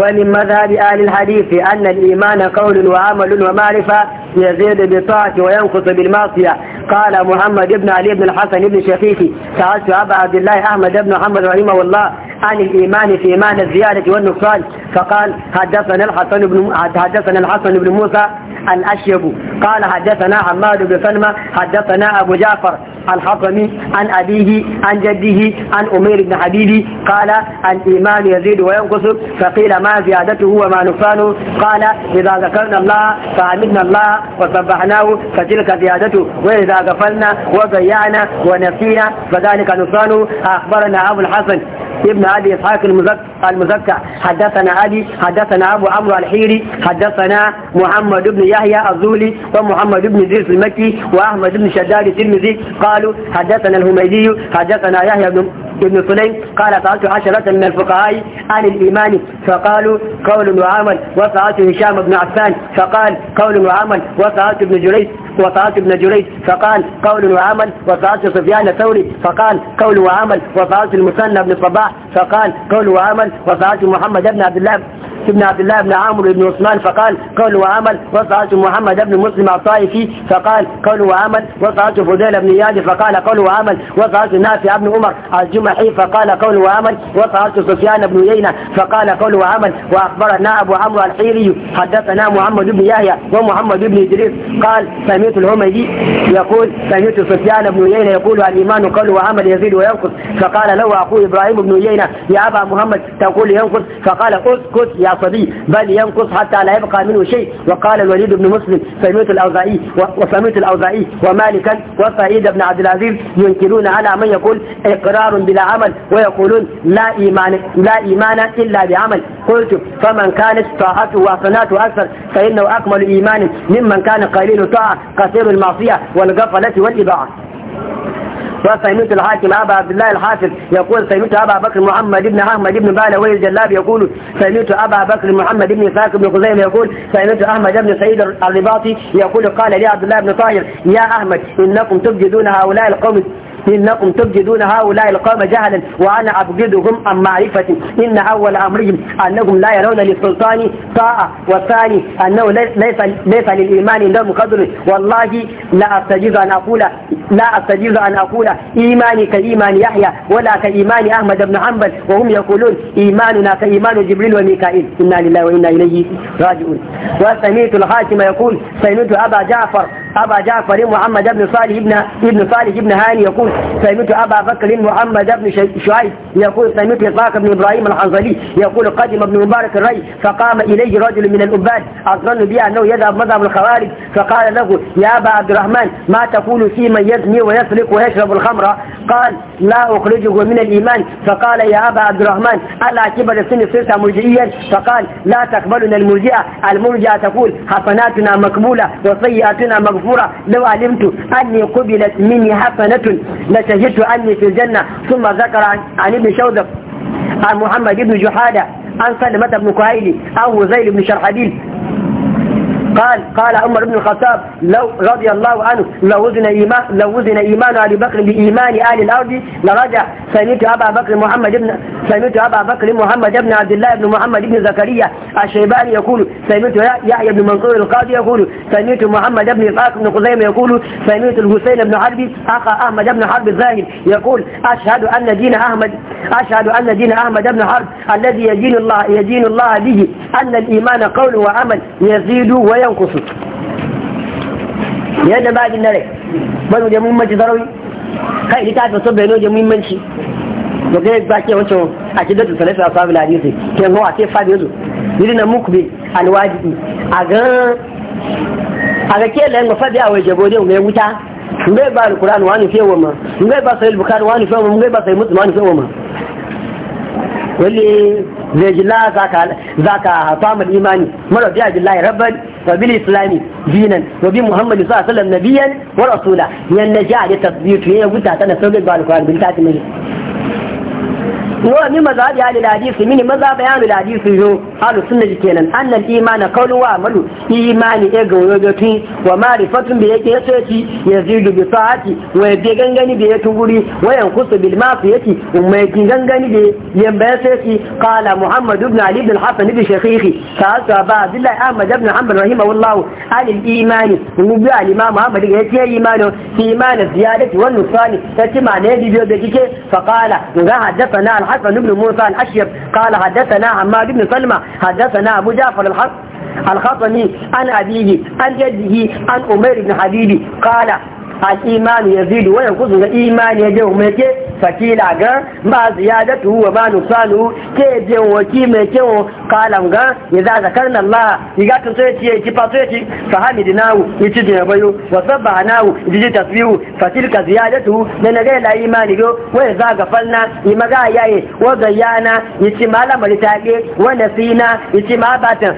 A: wani mazhabi alil hadithi annal imana kaunin wa amalin wa marifa ya zai da bi ta'ati wa yankusu bil masiya قال محمد بن علي بن الحسن بن شفيفي سألت أبا عبد الله أحمد بن محمد رحمه الله عن الإيمان في إيمان الزيادة والنقصان فقال حدثنا الحسن بن حدثنا الحسن بن موسى الأشيب قال حدثنا حماد بن سلمة حدثنا أبو جعفر الحطمي عن أبيه عن جده عن أمير بن حبيبي قال الإيمان يزيد وينقص فقيل ما زيادته وما نقصانه قال إذا ذكرنا الله فعمدنا الله وسبحناه فتلك زيادته وإذا غفلنا وضيعنا ونسينا فذلك نقصانه أخبرنا أبو الحسن ابن أبي إسحاق المزكى حدثنا علي حدثنا أبو عمرو الحيري حدثنا محمد بن يحيى الزولي ومحمد بن زيد المكي وأحمد بن شداد الترمذي قالوا حدثنا الهميدي حدثنا يحيى بن ابن سليم قال سألت عشرة من الفقهاء عن الإيمان فقالوا قول وعمل وسألت هشام بن عفان فقال قول وعمل وسألت ابن جريج وطاعة بن جريج فقال قول وعمل وطاعة سفيان الثوري فقال قول وعمل وطاعة المثنى بن صباح فقال قول وعمل وطاعة محمد بن عبد الله بن عبد الله بن عمرو بن عثمان فقال قول وعمل وصعت محمد بن مسلم الطائفي فقال قول وعمل وصعت فضيل بن ياد فقال قول وعمل وصعت نافع بن عمر الجمحي فقال قول وعمل وصعت سفيان بن عيينة فقال قول وعمل وأخبرنا أبو عمرو الحيري حدثنا محمد بن يحيى ومحمد بن إدريس قال سمعت الهمجي يقول سمعت سفيان بن عيينة يقول الإيمان قول وعمل يزيد وينقص فقال له أخوه إبراهيم بن عيينة يا أبا محمد تقول ينقص فقال اسكت يا العصبي بل ينقص حتى لا يبقى منه شيء وقال الوليد بن مسلم سميت الاوزاعي وسميت الاوزاعي ومالكا وسعيد بن عبد العزيز ينكرون على من يقول إقرار بلا عمل ويقولون لا إيمان, لا إيمان إلا بعمل قلت فمن كانت طاعته وحسناته أكثر فإنه أكمل إيمان ممن كان قليل طاعة كثير المعصية والغفلة والإباعة وسيمت الحاكم أبا عبد الله الحافظ يقول سيمت أبا بكر محمد بن أحمد بن وي الجلاب يقول سيمت أبا بكر محمد بن إسحاق بن خزيمة يقول سيمت أحمد بن سعيد الرباطي يقول قال لي عبد الله بن طاهر يا أحمد إنكم تبجدون هؤلاء القوم إنكم تبجدون هؤلاء القوم جهلا وأنا أبجدهم عن معرفة إن أول أمرهم أنهم لا يرون للسلطان طاعة والثاني أنه ليس, ليس للإيمان لهم قدر والله لا أستجيز أن أقول لا أستجيز أن أقول إيماني كإيمان يحيى ولا كإيمان أحمد بن حنبل وهم يقولون إيماننا كإيمان جبريل وميكائيل إنا لله وإنا إليه راجعون وسمعت الحاكم يقول سمعت أبا جعفر أبا جعفر محمد بن صالح بن ابن صالح بن هاني يقول سمعت أبا بكر محمد بن شعيب يقول سمعت إطلاق بن إبراهيم الحنظلي يقول قدم ابن مبارك الري فقام إليه رجل من الأباد أظن به أنه يذهب مذهب الخوارج فقال له يا أبا عبد الرحمن ما تقول في من يزني ويسرق ويشرب الخمر قال لا أخرجه من الإيمان فقال يا أبا عبد الرحمن ألا كبر السن صرت مرجئيا فقال لا تقبلنا المرجئة المرجئة تقول حسناتنا مقبولة وسيئاتنا مغفورة لو علمت أني قبلت مني حسنة لشهدت أني في الجنة ثم ذكر عن ابن شوذف عن محمد بن جحادة عن سلمة بن كهيلي عن وزيل بن شرحبيل قال قال عمر بن الخطاب لو رضي الله عنه لو وزن إيمان لو وزن إيمان أبي بكر بإيمان آل الأرض لرجع سميت أبا بكر محمد بن سميت أبا بكر محمد بن عبد الله بن محمد بن زكريا الشيباني يقول سميت يحيى بن منصور القاضي يقول سميت محمد بن إسحاق بن خزيمة يقول سميت الحسين بن حرب أخا أحمد بن حرب الزاهد يقول أشهد أن دين أحمد أشهد أن دين أحمد بن حرب الذي يدين الله يدين الله به أن الإيمان قول وعمل يزيد وينقص yadda ba din nare ba mu muhimmanci zarawi kai ita ta so bai no da muhimmanci ga ba ke wancan a kida to salafi a sabu hadisi ke mu a ce fa yanzu yidina mukbi alwajibi a ga a ga ke lan fa da waje bode mu wuta ngai ba alquran wani fe wa ma ngai ba sahih bukhari wani fe wa ma ngai ba sahih mutu wani fe wa ma wani zai ji la za ka samun imani mara biya ji ya rabban wa bil islami dinan wa bi muhammadu sa sallam nabiyan wa rasula yan na ji a da tasbiyu ya guta tana sauƙin ba alkuwa bin tafi ne wa mi mazhabi ahli hadisi mini mazhabi ahli hadisi yo ahli sunna kenan annal iman qawlu wa amalu imani e ga yoga tun wa ma'rifatun bi yake yaso yaci yazidu bi sa'ati wa bi gangani bi yatu guri wa yanqusu bil ma'siyati umma ki gangani bi yamba yaci qala muhammad ibn ali ibn al-hasan ibn shaykhi sa'asa ba abdullah ahmad ibn hanbal rahimahullahu ahli al-iman mubi al-imam muhammad yace imani fi imani ziyadati wa nusani tace ma ne biyo da kike fa qala ga haddathana الحسن بن موسى الأشيب قال حدثنا عماد بن سلمة حدثنا أبو جعفر الخطمي عن أبيه عن جده عن أمير بن حبيبي قال al'imani ya zidu wayan kusur ga imani ya jewa mai ke fakila ga ba ziyadatu wa ma nusalu ke jewa ki mai kewo kalam ga ya za zakar nan la iga tun sai ci ci fa ya ci fa hamidi nawu ya ci jiya bayo wa sabba nawu ji ji tasbihu ziyadatu na na imani waya za ga falna yi maga ya ci ma batan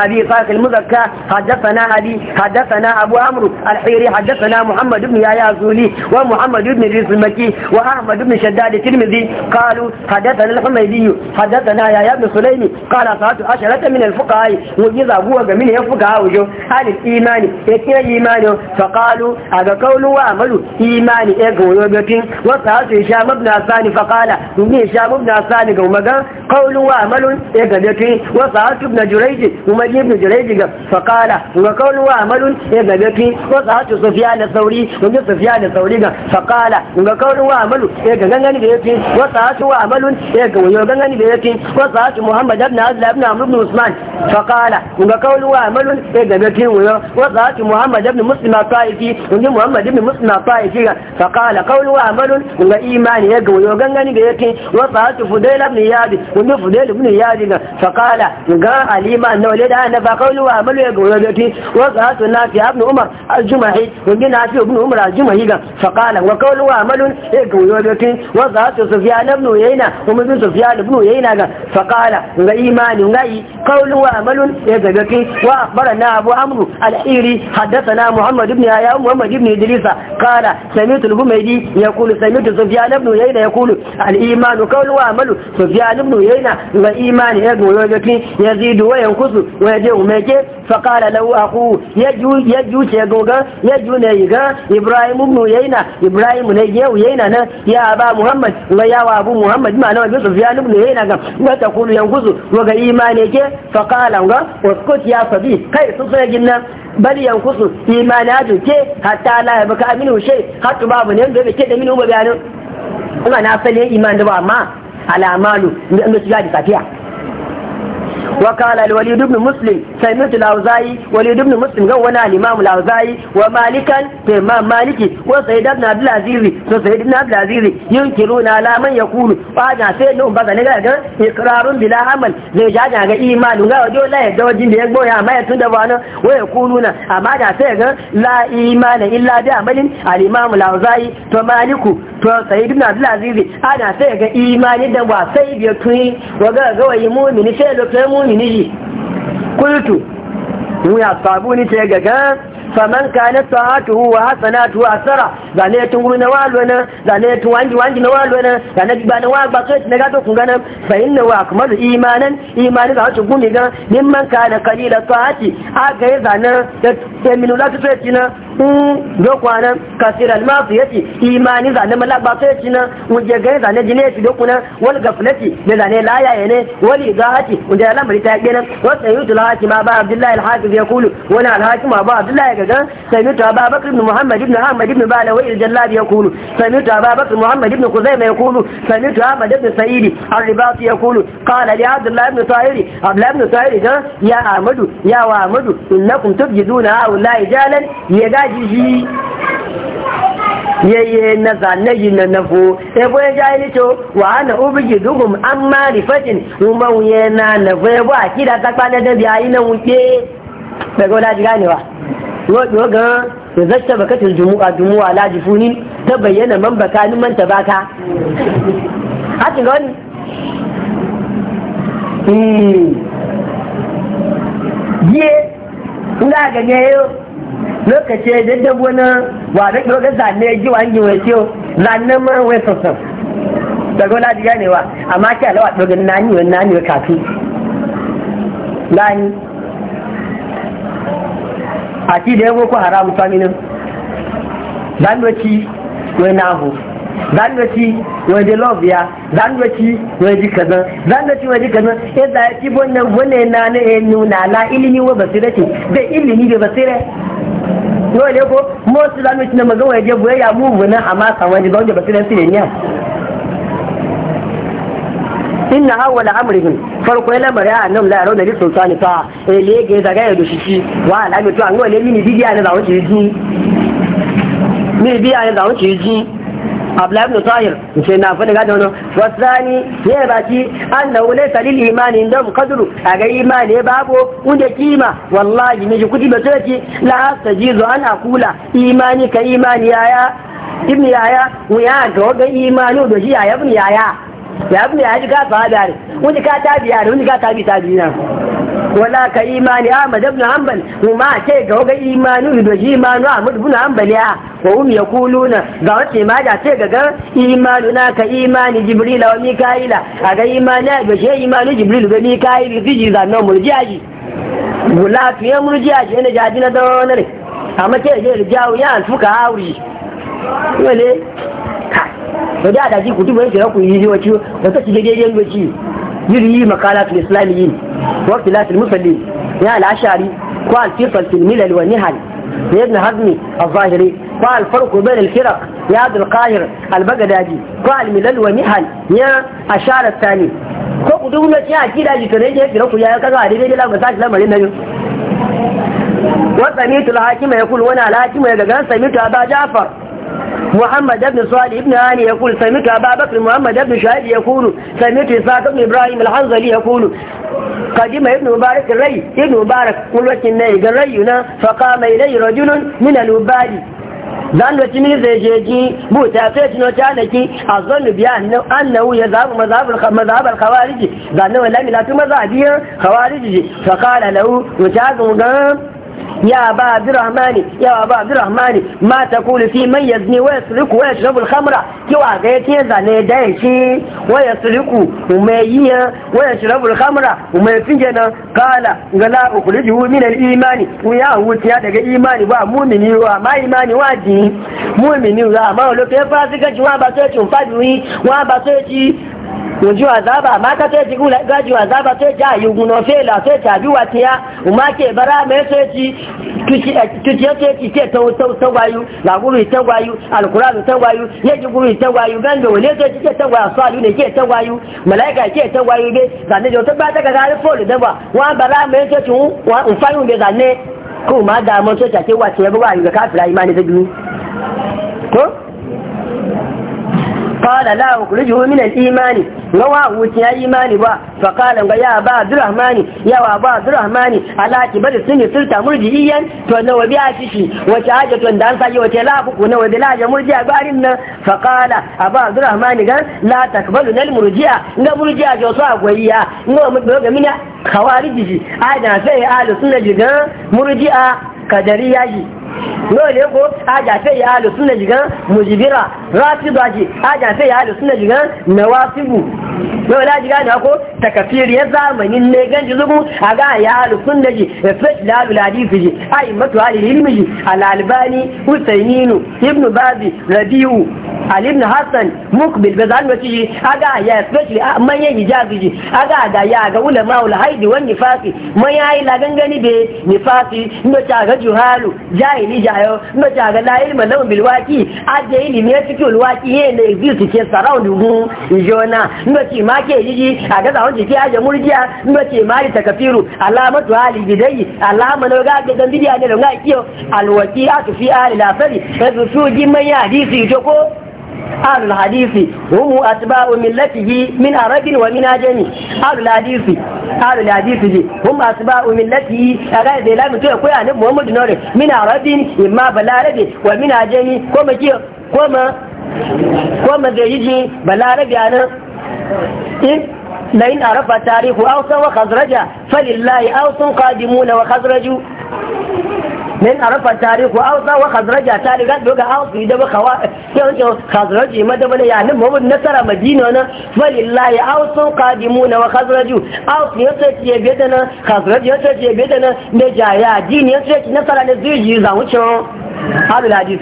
A: abi الزكاة حدثنا علي حدثنا أبو عمرو الحيري حدثنا محمد بن يحيى الزولي ومحمد بن إدريس المكي وأحمد بن شداد الترمذي قالوا حدثنا الحميدي حدثنا يحيى بن سليم قال صارت عشرة من الفقهاء وجزا أبوه من الفقهاء وجو عن الإيمان يكين إيمان فقالوا هذا قول وعمل إيمان إيقو يوبيتين وسألت هشام بن عسان فقال ومن هشام بن عسان قومك قول وعمل إيقو يوبيتين وسألت ابن جريج ومجيب ابن جريج faƙala ga kawai wa amalin ya ga alima na wale bari ga wani zoti wa zaratu na fi abin umar abu amru al'iri haddasa na muhammad ibn yaya muhammad ya kulu samitu sufiya na abin yayina فقال له أخوه يجو يجو تيغوغا يجو نيغا إبراهيم بن يينا إبراهيم نيجيو يينا يا أبا محمد ويا أبو محمد ما نوى سفيان ابن يينا ما وتقول ينقص وغا إيمانك فقال اسكت يا صبي كي تصير بل bal yankusu imanatu ke hatta la yabka aminu shay hatta babu ne da ke da minu ba bayanin ina na sale iman da ba amma وقال الوليد بن مسلم سمعت الأوزاعي وليد بن مسلم وانا الإمام الأوزاعي ومالكا إمام مالكي وسيد بن عبد العزيز وسيد بن عبد العزيز ينكرون على من يقول وانا سيد نوم بقى نجا إقرار بلا عمل زي جانا إيمان وجو لا يدو جين يقبو يا ما يتند وانا ويقولون أما أنا سيد لا إيمان إلا بعمل الإمام الأوزاعي فمالك فسيد بن عبد العزيز أنا سيد إيمان دوا سيد يكوين وقال قوي مؤمن سيد يكوين mumini kultu mu ya sabu ni ce gaga faman kana sa'atuhu wa hasanatuhu asara zane tun gumi na walo na zane tun wangi wangi na walo na zane ba na wa ba kai na ga to kun gana fa inna wa akmalu imanan imanin ga wacin gumi ga mimman kana qalila sa'ati aga ya zane da minula ta sai na un zo kwana kasira almasu yace imani zane mala ba sai ci na wuje ga zane jine ci do kuna wal gaflati da zane laya yene wali gahati wanda lamari ta gina wasa yutul hakima ba abdullahi kulu wani wala ma ba abdullahi ka ga samitu aba bakr ibn muhammad ibn ahmad ibn bala wa al-jallabi yaqulu samitu aba bakr muhammad ibn khuzaimah yaqulu samitu ahmad ibn sa'id ar-ribati yaqulu qala li abdullah ibn tahir abdullah ibn tahir ga ya Amadu ya wa ahmadu innakum tubjiduna haula jalan ya gaji shi yayye na zane yi na nafo ebo ya ja to wa ana ubiji dugum amma rifatin kuma wuye na nafo ebo a kida takpa na dabi da na wuce daga wadaji ganewa ga ya zasta bakatin jumu'a jumu'a la jifuni ta bayyana man baka ni man tabaka hakin ga wani biye hmm. ina ga ne lokaci da da wani wa da ga zanne ji wa ji wa ciyo zanne ma wai sosai daga la ji ganewa amma ki alawa to ga nani wa nani wa kafi nani ati da ya ko haram faminin zanwaci we nahu zanwaci wai da lobiya zanwaci wai ji kazan zanwaci we ji kaza yadda ya ci bonne wane na na ya nuna la ilimi wa basira ce da ilimi da basira yau le ko mo mosu zanwaci na magawa ya je buwaya mu buna amma masa wani ba wanda basira sai ne niya inna hawal amrihim farko lamar ya nan la eh, da li sani fa le ge daga ya shi wa alami to an wa le mini bidiya ne da wuce ji ni biya ne da wuce ji abla ibn Tahir sai na fa daga dono wasani ya ki annahu laysa lil iman indam qadru aga ne babu unde kima wallahi ne kudi ba sai la astajizu an akula imani ka imani yaya ibn yaya mu ya ga imani da shi yaya ibn yaya ya abu ne ya ji ka sahaba ne wani ka tabi da wani ka tabi ta biya wala ka imani Ahmad ibn Hanbal kuma ce ga ga imanu da imanu Ahmad ibn Hanbal ya wa hum yaquluna ga wace ma da ce ga ga imanu na ka imani Jibril wa Mika'ila a ga imani ga she imanu Jibril ga mikaili Mika'il fiji da nan murjiaji wala tu ya murjiaji ne jaji na da wannan amma ce je rijawu ya fuka auri wale ba da daji ku tuba yake ku yi wace ba ta ci daidai wace yiri makalat al-islamiyyin wa filat al-musallin ya al-ashari ko al-fisal fil milal wa nihal ya ibn hazmi al-zahiri ko al-farq bain al-firaq ya al-qahir al-baghdadi ko al-milal wa nihal ya ashar al-thani ko ku dubu ne ya kida ji to ne ku ya kaga daidai da ba sa lamarin nan wa samitu al-hakim yaqul wa ana al-hakim ya ga samitu aba ja'far محمد بن صالح بن عاني يقول سمعت أبا بكر محمد بن Kadima يقول سمعت إساق بن إبراهيم الحنزلي يقول قدم ابن مبارك الري ابن مبارك قل وكي الري فقام إليه رجل من الوبالي zan da cini zai je ji bu ta sai cino ta naki a zon biya annahu ya zabu mazhabul mazhabul khawarij zan da lamila tu mazhabiyan khawarij fa qala lahu wa ta zuga يا أبا عبد الرحمن يا أبا عبد الرحمن ما تقول في من يزني ويسرق ويشرب الخمر كيوا غيتي زاني دايشي ويسرق وميا ويشرب الخمر وما فينا قال لا أخرجه من الإيمان ويا هو تيا دغ إيماني با مؤمني وما إيماني واجي مؤمني وما لو كيف فاسك جوا باسيتي وفادوي وما باسيتي ojú àzábà máka tó ti gúnlẹ̀ gájú àzábà tó jẹ́ àyògùn náà fẹ́ ìlà tó tàbí wà tí a òmáke bára mẹ́sọ́ ti ń fáyún gbé zànẹ́ kó má dààmú tó tàtẹ́wà tiẹ́ bó wà yóò قال لا أخرجه من الإيمان lawa wuce ya yi mani ba faƙalan ga ya ba abdurrahmani yawa ba abdurrahmani alaki bari sun yi sulta murji'iyan to na wabi a shishi wace haja to da an yi wace lafuku na wabi laje murji'a barin nan faƙala a ba abdurrahmani gan la takbalu na murji'a nga murji a murji'a jo so ya. nga mu ga mina khawariji ji a da sai ahlus sunna jigan murji'a kadariya ji lóòlé kó ajàfẹ́ ìyá alùsúnlẹ̀ jìgán mùjìbíra rásìbàjì ajàfẹ́ ìyá alùsúnlẹ̀ jìgán mẹ́wàá nawasibu. yau da jiga da ko kafiri ya zamanin ne ganji zubu a ga ya halu sun da ji da fit da halu ladifi ji a yi matu halin ilmi ji alalbani husaininu ibnu babi rabiu alibnu hassan mukbil ba zanu ci ji a ga ya especially manyan hijabi ji a ga da ya ga wula ul haidi wani nifasi man ya yi lagangani be nifasi inda ta ga juhalu jahili jayo inda ta ga la ilma lahu bilwaki a da ilimi ya cikin ulwaki ne exist ke da gun jona nga ce ma ke yiji a gaza zawon jiki a murjiya nga ce ma ta kafiru alamatu hali bidai alama na ga ga zambi ne da nga kiyo alwaki a tufi ali lafari da su su ji manya hadisi to ko أهل الحديث هم أتباع ملته من عرب ومن أجم أهل الحديث أهل الحديث هم أتباع ملته أغاية ذي لا متوى كوي عن محمد نوري من عرب إما بلارب ومن أجم كما كما كما ذي يجي بلارب أنا لئن عرف تاريخ أوسا وخزرجا فلله أوس قادمون وخزرجوا لئن عرف تاريخ أوسا وخزرج تاريخ بقى أوس إذا بخوا خزرجي ماذا بنا يعني مو النصر مدينة فلله أوس قادمون وخزرجوا أوس يسجي بيدنا خزرج يسجي بيدنا نجايا دين يسجي نصر نزيجي زاوشون هذا الحديث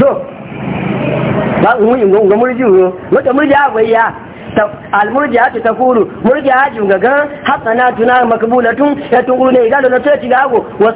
A: تو ba mu yi ga murji yo wata murji akwai ya almurji'atu taqulu murji'atu gaga tuna makbulatun ya tunguru ne galo na to ci gago wa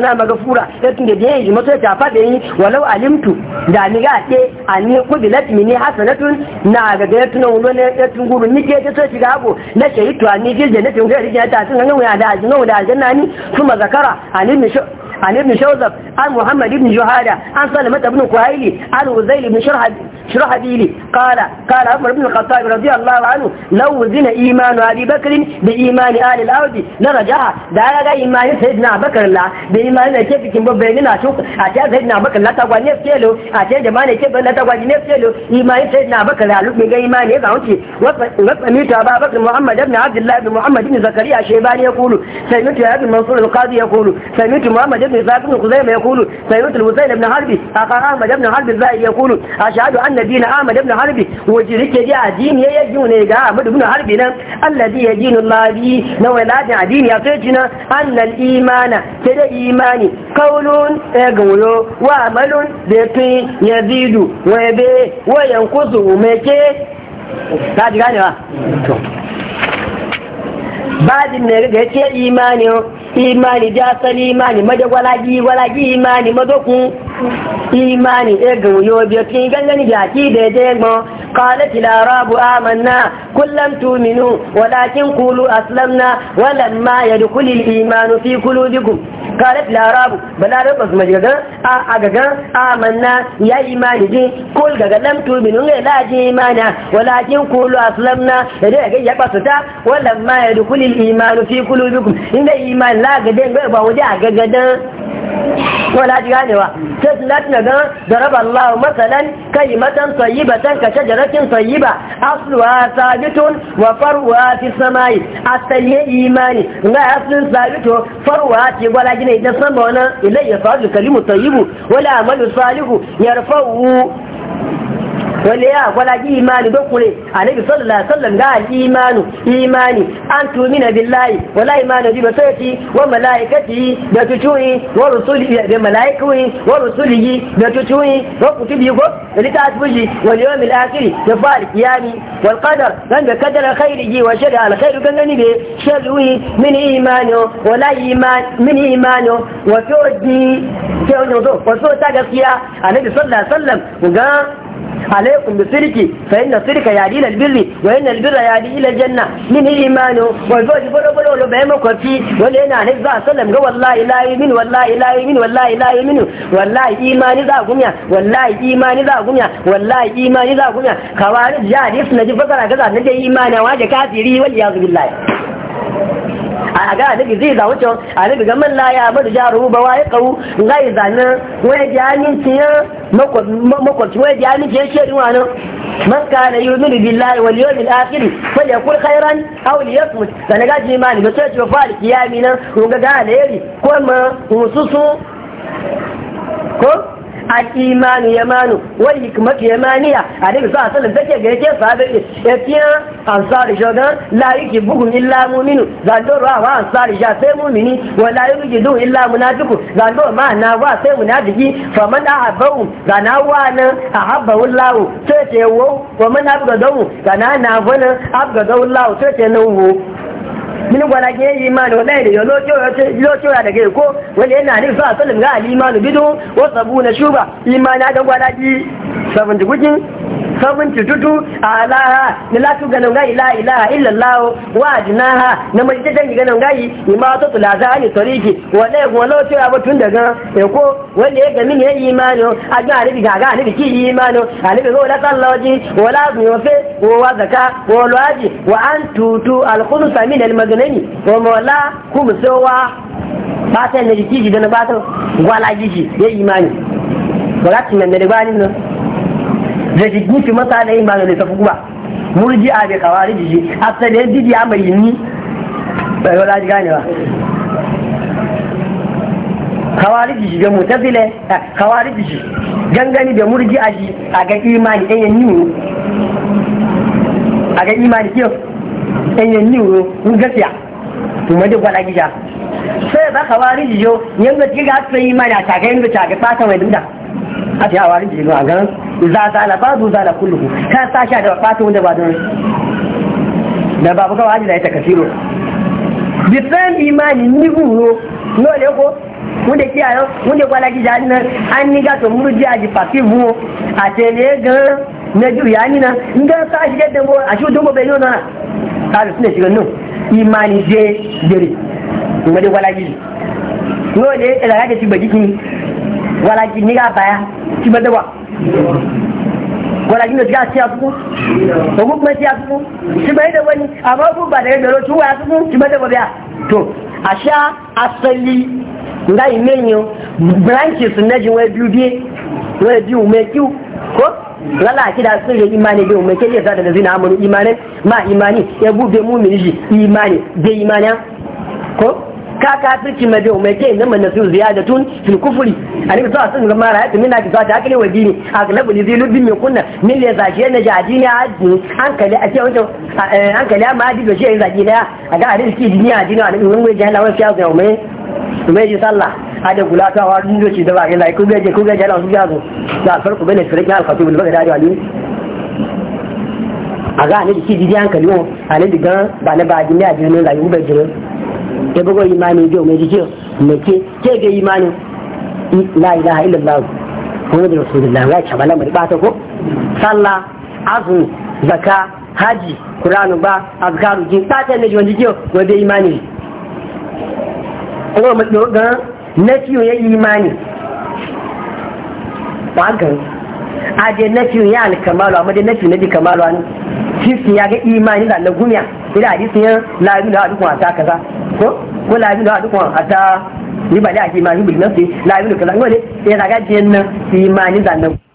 A: na magfura ya tunde je yi mato ta fade yi walau alimtu da ni ga ce ani qubilat mini hasanatun na ga da tuna wulo ne ya tunguru ni ke ta ci gago na shayitu ani gilje ne tunga rijiya ta tun nan ya da ajin nan da aljanna ni kuma zakara alimin عن ابن شوزب عن محمد بن جهادة عن سلمة بن كهيلي عن وزيل بن شرحب شرح لي لي قال قال عمر بن الخطاب رضي الله عنه لو زن إيمان أبي بكر بإيمان آل الأرض لرجع دارا إيمان سيدنا بكر الله بإيمان كيف كم بيننا شوف أشياء سيدنا بكر الله تقوى نفسه له أشياء جمال كيف الله تقوى نفسه له إيمان سيدنا بكر الله لك من إيمان يبقى أنت وشي وفميت أبا بكر محمد بن عبد الله بن محمد بن زكريا الشيباني يقول سمعت أبي منصور القاضي يقول سمعت محمد بن إسحاق بن خزيمة يقول سمعت الوزير بن حربي أخا أحمد بن حربي الزاهد يقول أشهد أن alladina Ahmad ibn Harbi waje rike ji addini ya yaji ne ga Ahmad ibn Harbi nan alladhi yajinu labi na waladin addini ya sai jina annal imana ke da imani qaulun ya gawo wa amalun da tun yazidu wa yabe wa yankusu meke ta ji ganewa bajin ne ga ce imani imani imani imani imani ega wuyo biyo tin ganyen jaki daidai gbọn kọlati larabu amanna kullum tuminu walakin kulu aslamna wadan ma ya dukuli imanu fi kulu digu kọlati larabu ba na rabu su maji gagan a gagan amanna ya imani ji kul gaga lam tuminu ne laji imana wadakin kulu aslamna ya dai ga ya su ta wadan ma ya dukuli imanu fi kulu digu inda imani la gade ba wuje a gagadan wala ji ganewa شيخ لاتنا ضرب الله مثلا كلمة طيبة كشجرة طيبة أصلها ثابت وفروها في السماء أصلها إيماني لا أصل ثابت فروها في ولا جنة إذا سمعنا إليه صادق كلمة طيب ولا عمل صالح يرفعه wale ya gwada ji imani don kure annabi sallallahu alaihi wasallam ga imanu imani an tumina billahi wala imanu bi basayati wa malaikati da tucuni wa rusuli da malaikui wa rusuli da tucuni wa kutubi ko da ta tuji wal yawm al akhir da fal qiyami wal qadar dan da kadar khairihi wa shar al khair kan gani be sharri min imani wala iman min imani wa todi ke wani do ko so ta gaskiya annabi sallallahu alaihi wasallam ga عليكم بالسرك فإن السرك يهدي إلى البر وإن البر يهدي إلى الجنة من الإيمان والفوز بلو بلو لو بهم كفي ولينا عليه الصلاة والسلام والله لا يمين والله لا يمين والله لا يمين والله إيمان ذا غميا والله إيمان ذا غميا والله إيمان ذا غميا خوارج جاري سنجي فكرة كذا نجي إيمان واجه كافري والعياذ بالله a ga annabi zai za wuce annabi ga man laya ba da jaru ba wai kawu ngai zana wai jani tiya makwabci wai jani tiya shedin wani man kana yu'minu billahi wal yawm al akhir falyakul khairan aw liyasmut sana ga ji mani ba sai ce fa kiyami nan ko ga ga ne ko ma mususu ko al-iman yamanu wa hikmatu yamaniya sa sallallahu alaihi wasallam take ga yake sahabe ya tiya ansar jogan bugu yujibuhum illa mu'minu zandoro a wa ansar sha sai mu'mini wa la yujidu illa munafiqu zandoro ma na wa sai munafiki faman ahabbu zana wa na ahabbu Allah sai ce wo wa man abgadahu zana na wa na abgadahu Allah sai ce nan wo min gwala ke yi imani wa ɗaya da yau lokacin ya daga ko wani yana ne zuwa salim ga alimanu bidu wasu abu na shuba imana a don gwala ji sabon jigugin sabunci tutu a alaha na latu ganin gai la ilaha illallah wa adinaha na majita dangi ganin gai ima to tula za ni toriki wanda e ya kuma lauce ya batun daga eko wanda ya gami ne imani a ga alibi ga ga alibi ki imani alibi ga wala sallaji wala zuyofe wa zaka wa lwaji wa an tutu sami alkhulusa min almagnani wa mawla kumsowa ba ta ne jiki da na ba ta gwala jiki ya yi imani wala tinan da ba ni nan zai gusi masa da imani da tafi kuma murji a bai kawari da shi a tsarin didi ya mai ni bai yi laji gane ba kawari da shi da ga mutazile kawari da shi gangani da murji a shi a ga imani ɗan yan niwu a ga imani kiyo ɗan yan niwu in gafiya kuma duk wala gida sai ba kawari da shi yau yanga ga imani a taga yanga taga fata mai dinda a ta yawa rinji a gan za ta ala ba za da kullu ka sa sha da fata wanda ba don da babu kawai hajji da ita kasiro bisan imani ni guro no le ko ke kiyayo wunde kwala ki jani nan an ni ga to murji aji papi mu a tele gan na ju ya ni nan in ga sa shi da mu a shi dubo bai yi na ka su ne shiga nan imani je jere wunde kwala ki no le da ga ci baji ki wala ki ni ga baya ti bɛ dɛwa wala jina tiga tiya tugu ko kuma tiya tugu ti bɛ dɛwa ni a ma ko ba da dɛrɛ tugu a tugu ti bɛ dɛwa biya to a asali nga yi men yo branches na jin wai biyu biye wai biu mai kiw ko lala ki da sun yi imani bai mai kai yasa da zina amuru imani ma imani ya bube mu mini imani bai imani ko ka kafirci mai bai mai kai nan manasu ziyadatun fil kufri alaihi sun zama wasallam yadda min na zuwa ta akali wa dini aglabu li zilu bin kunna min le na jaji ne hankali a ce wato eh, hankali ma da shi zaki na a ga ki dini ne mun ga mai mai ji sallah a da gulata wa dun doci da ba ga lai ku ga ku ga jala su da farko bane al khatib a ga alaihi ki dini hankali ba na ba dini aji ne e bago imani jo mai jiyo me ke ke ga imani la ilaha illallah muhammadu rasulullah ya ce bala mai bata ko sallah azu zaka haji qur'anu ba azkaru jin ta ta ne jo jiyo wa da imani ko mu do ga na ciyo ya imani ba ga a je nafi ya alkamalu amma je nafi nabi kamalu an fifi ya ga imani da na gumiya ila hadisi ya la ilaha illa ta kaza ko ko la ilaha illa ta ni ba da imani bil nafsi la ilaha kaza ngole ya daga na nan imani
B: da na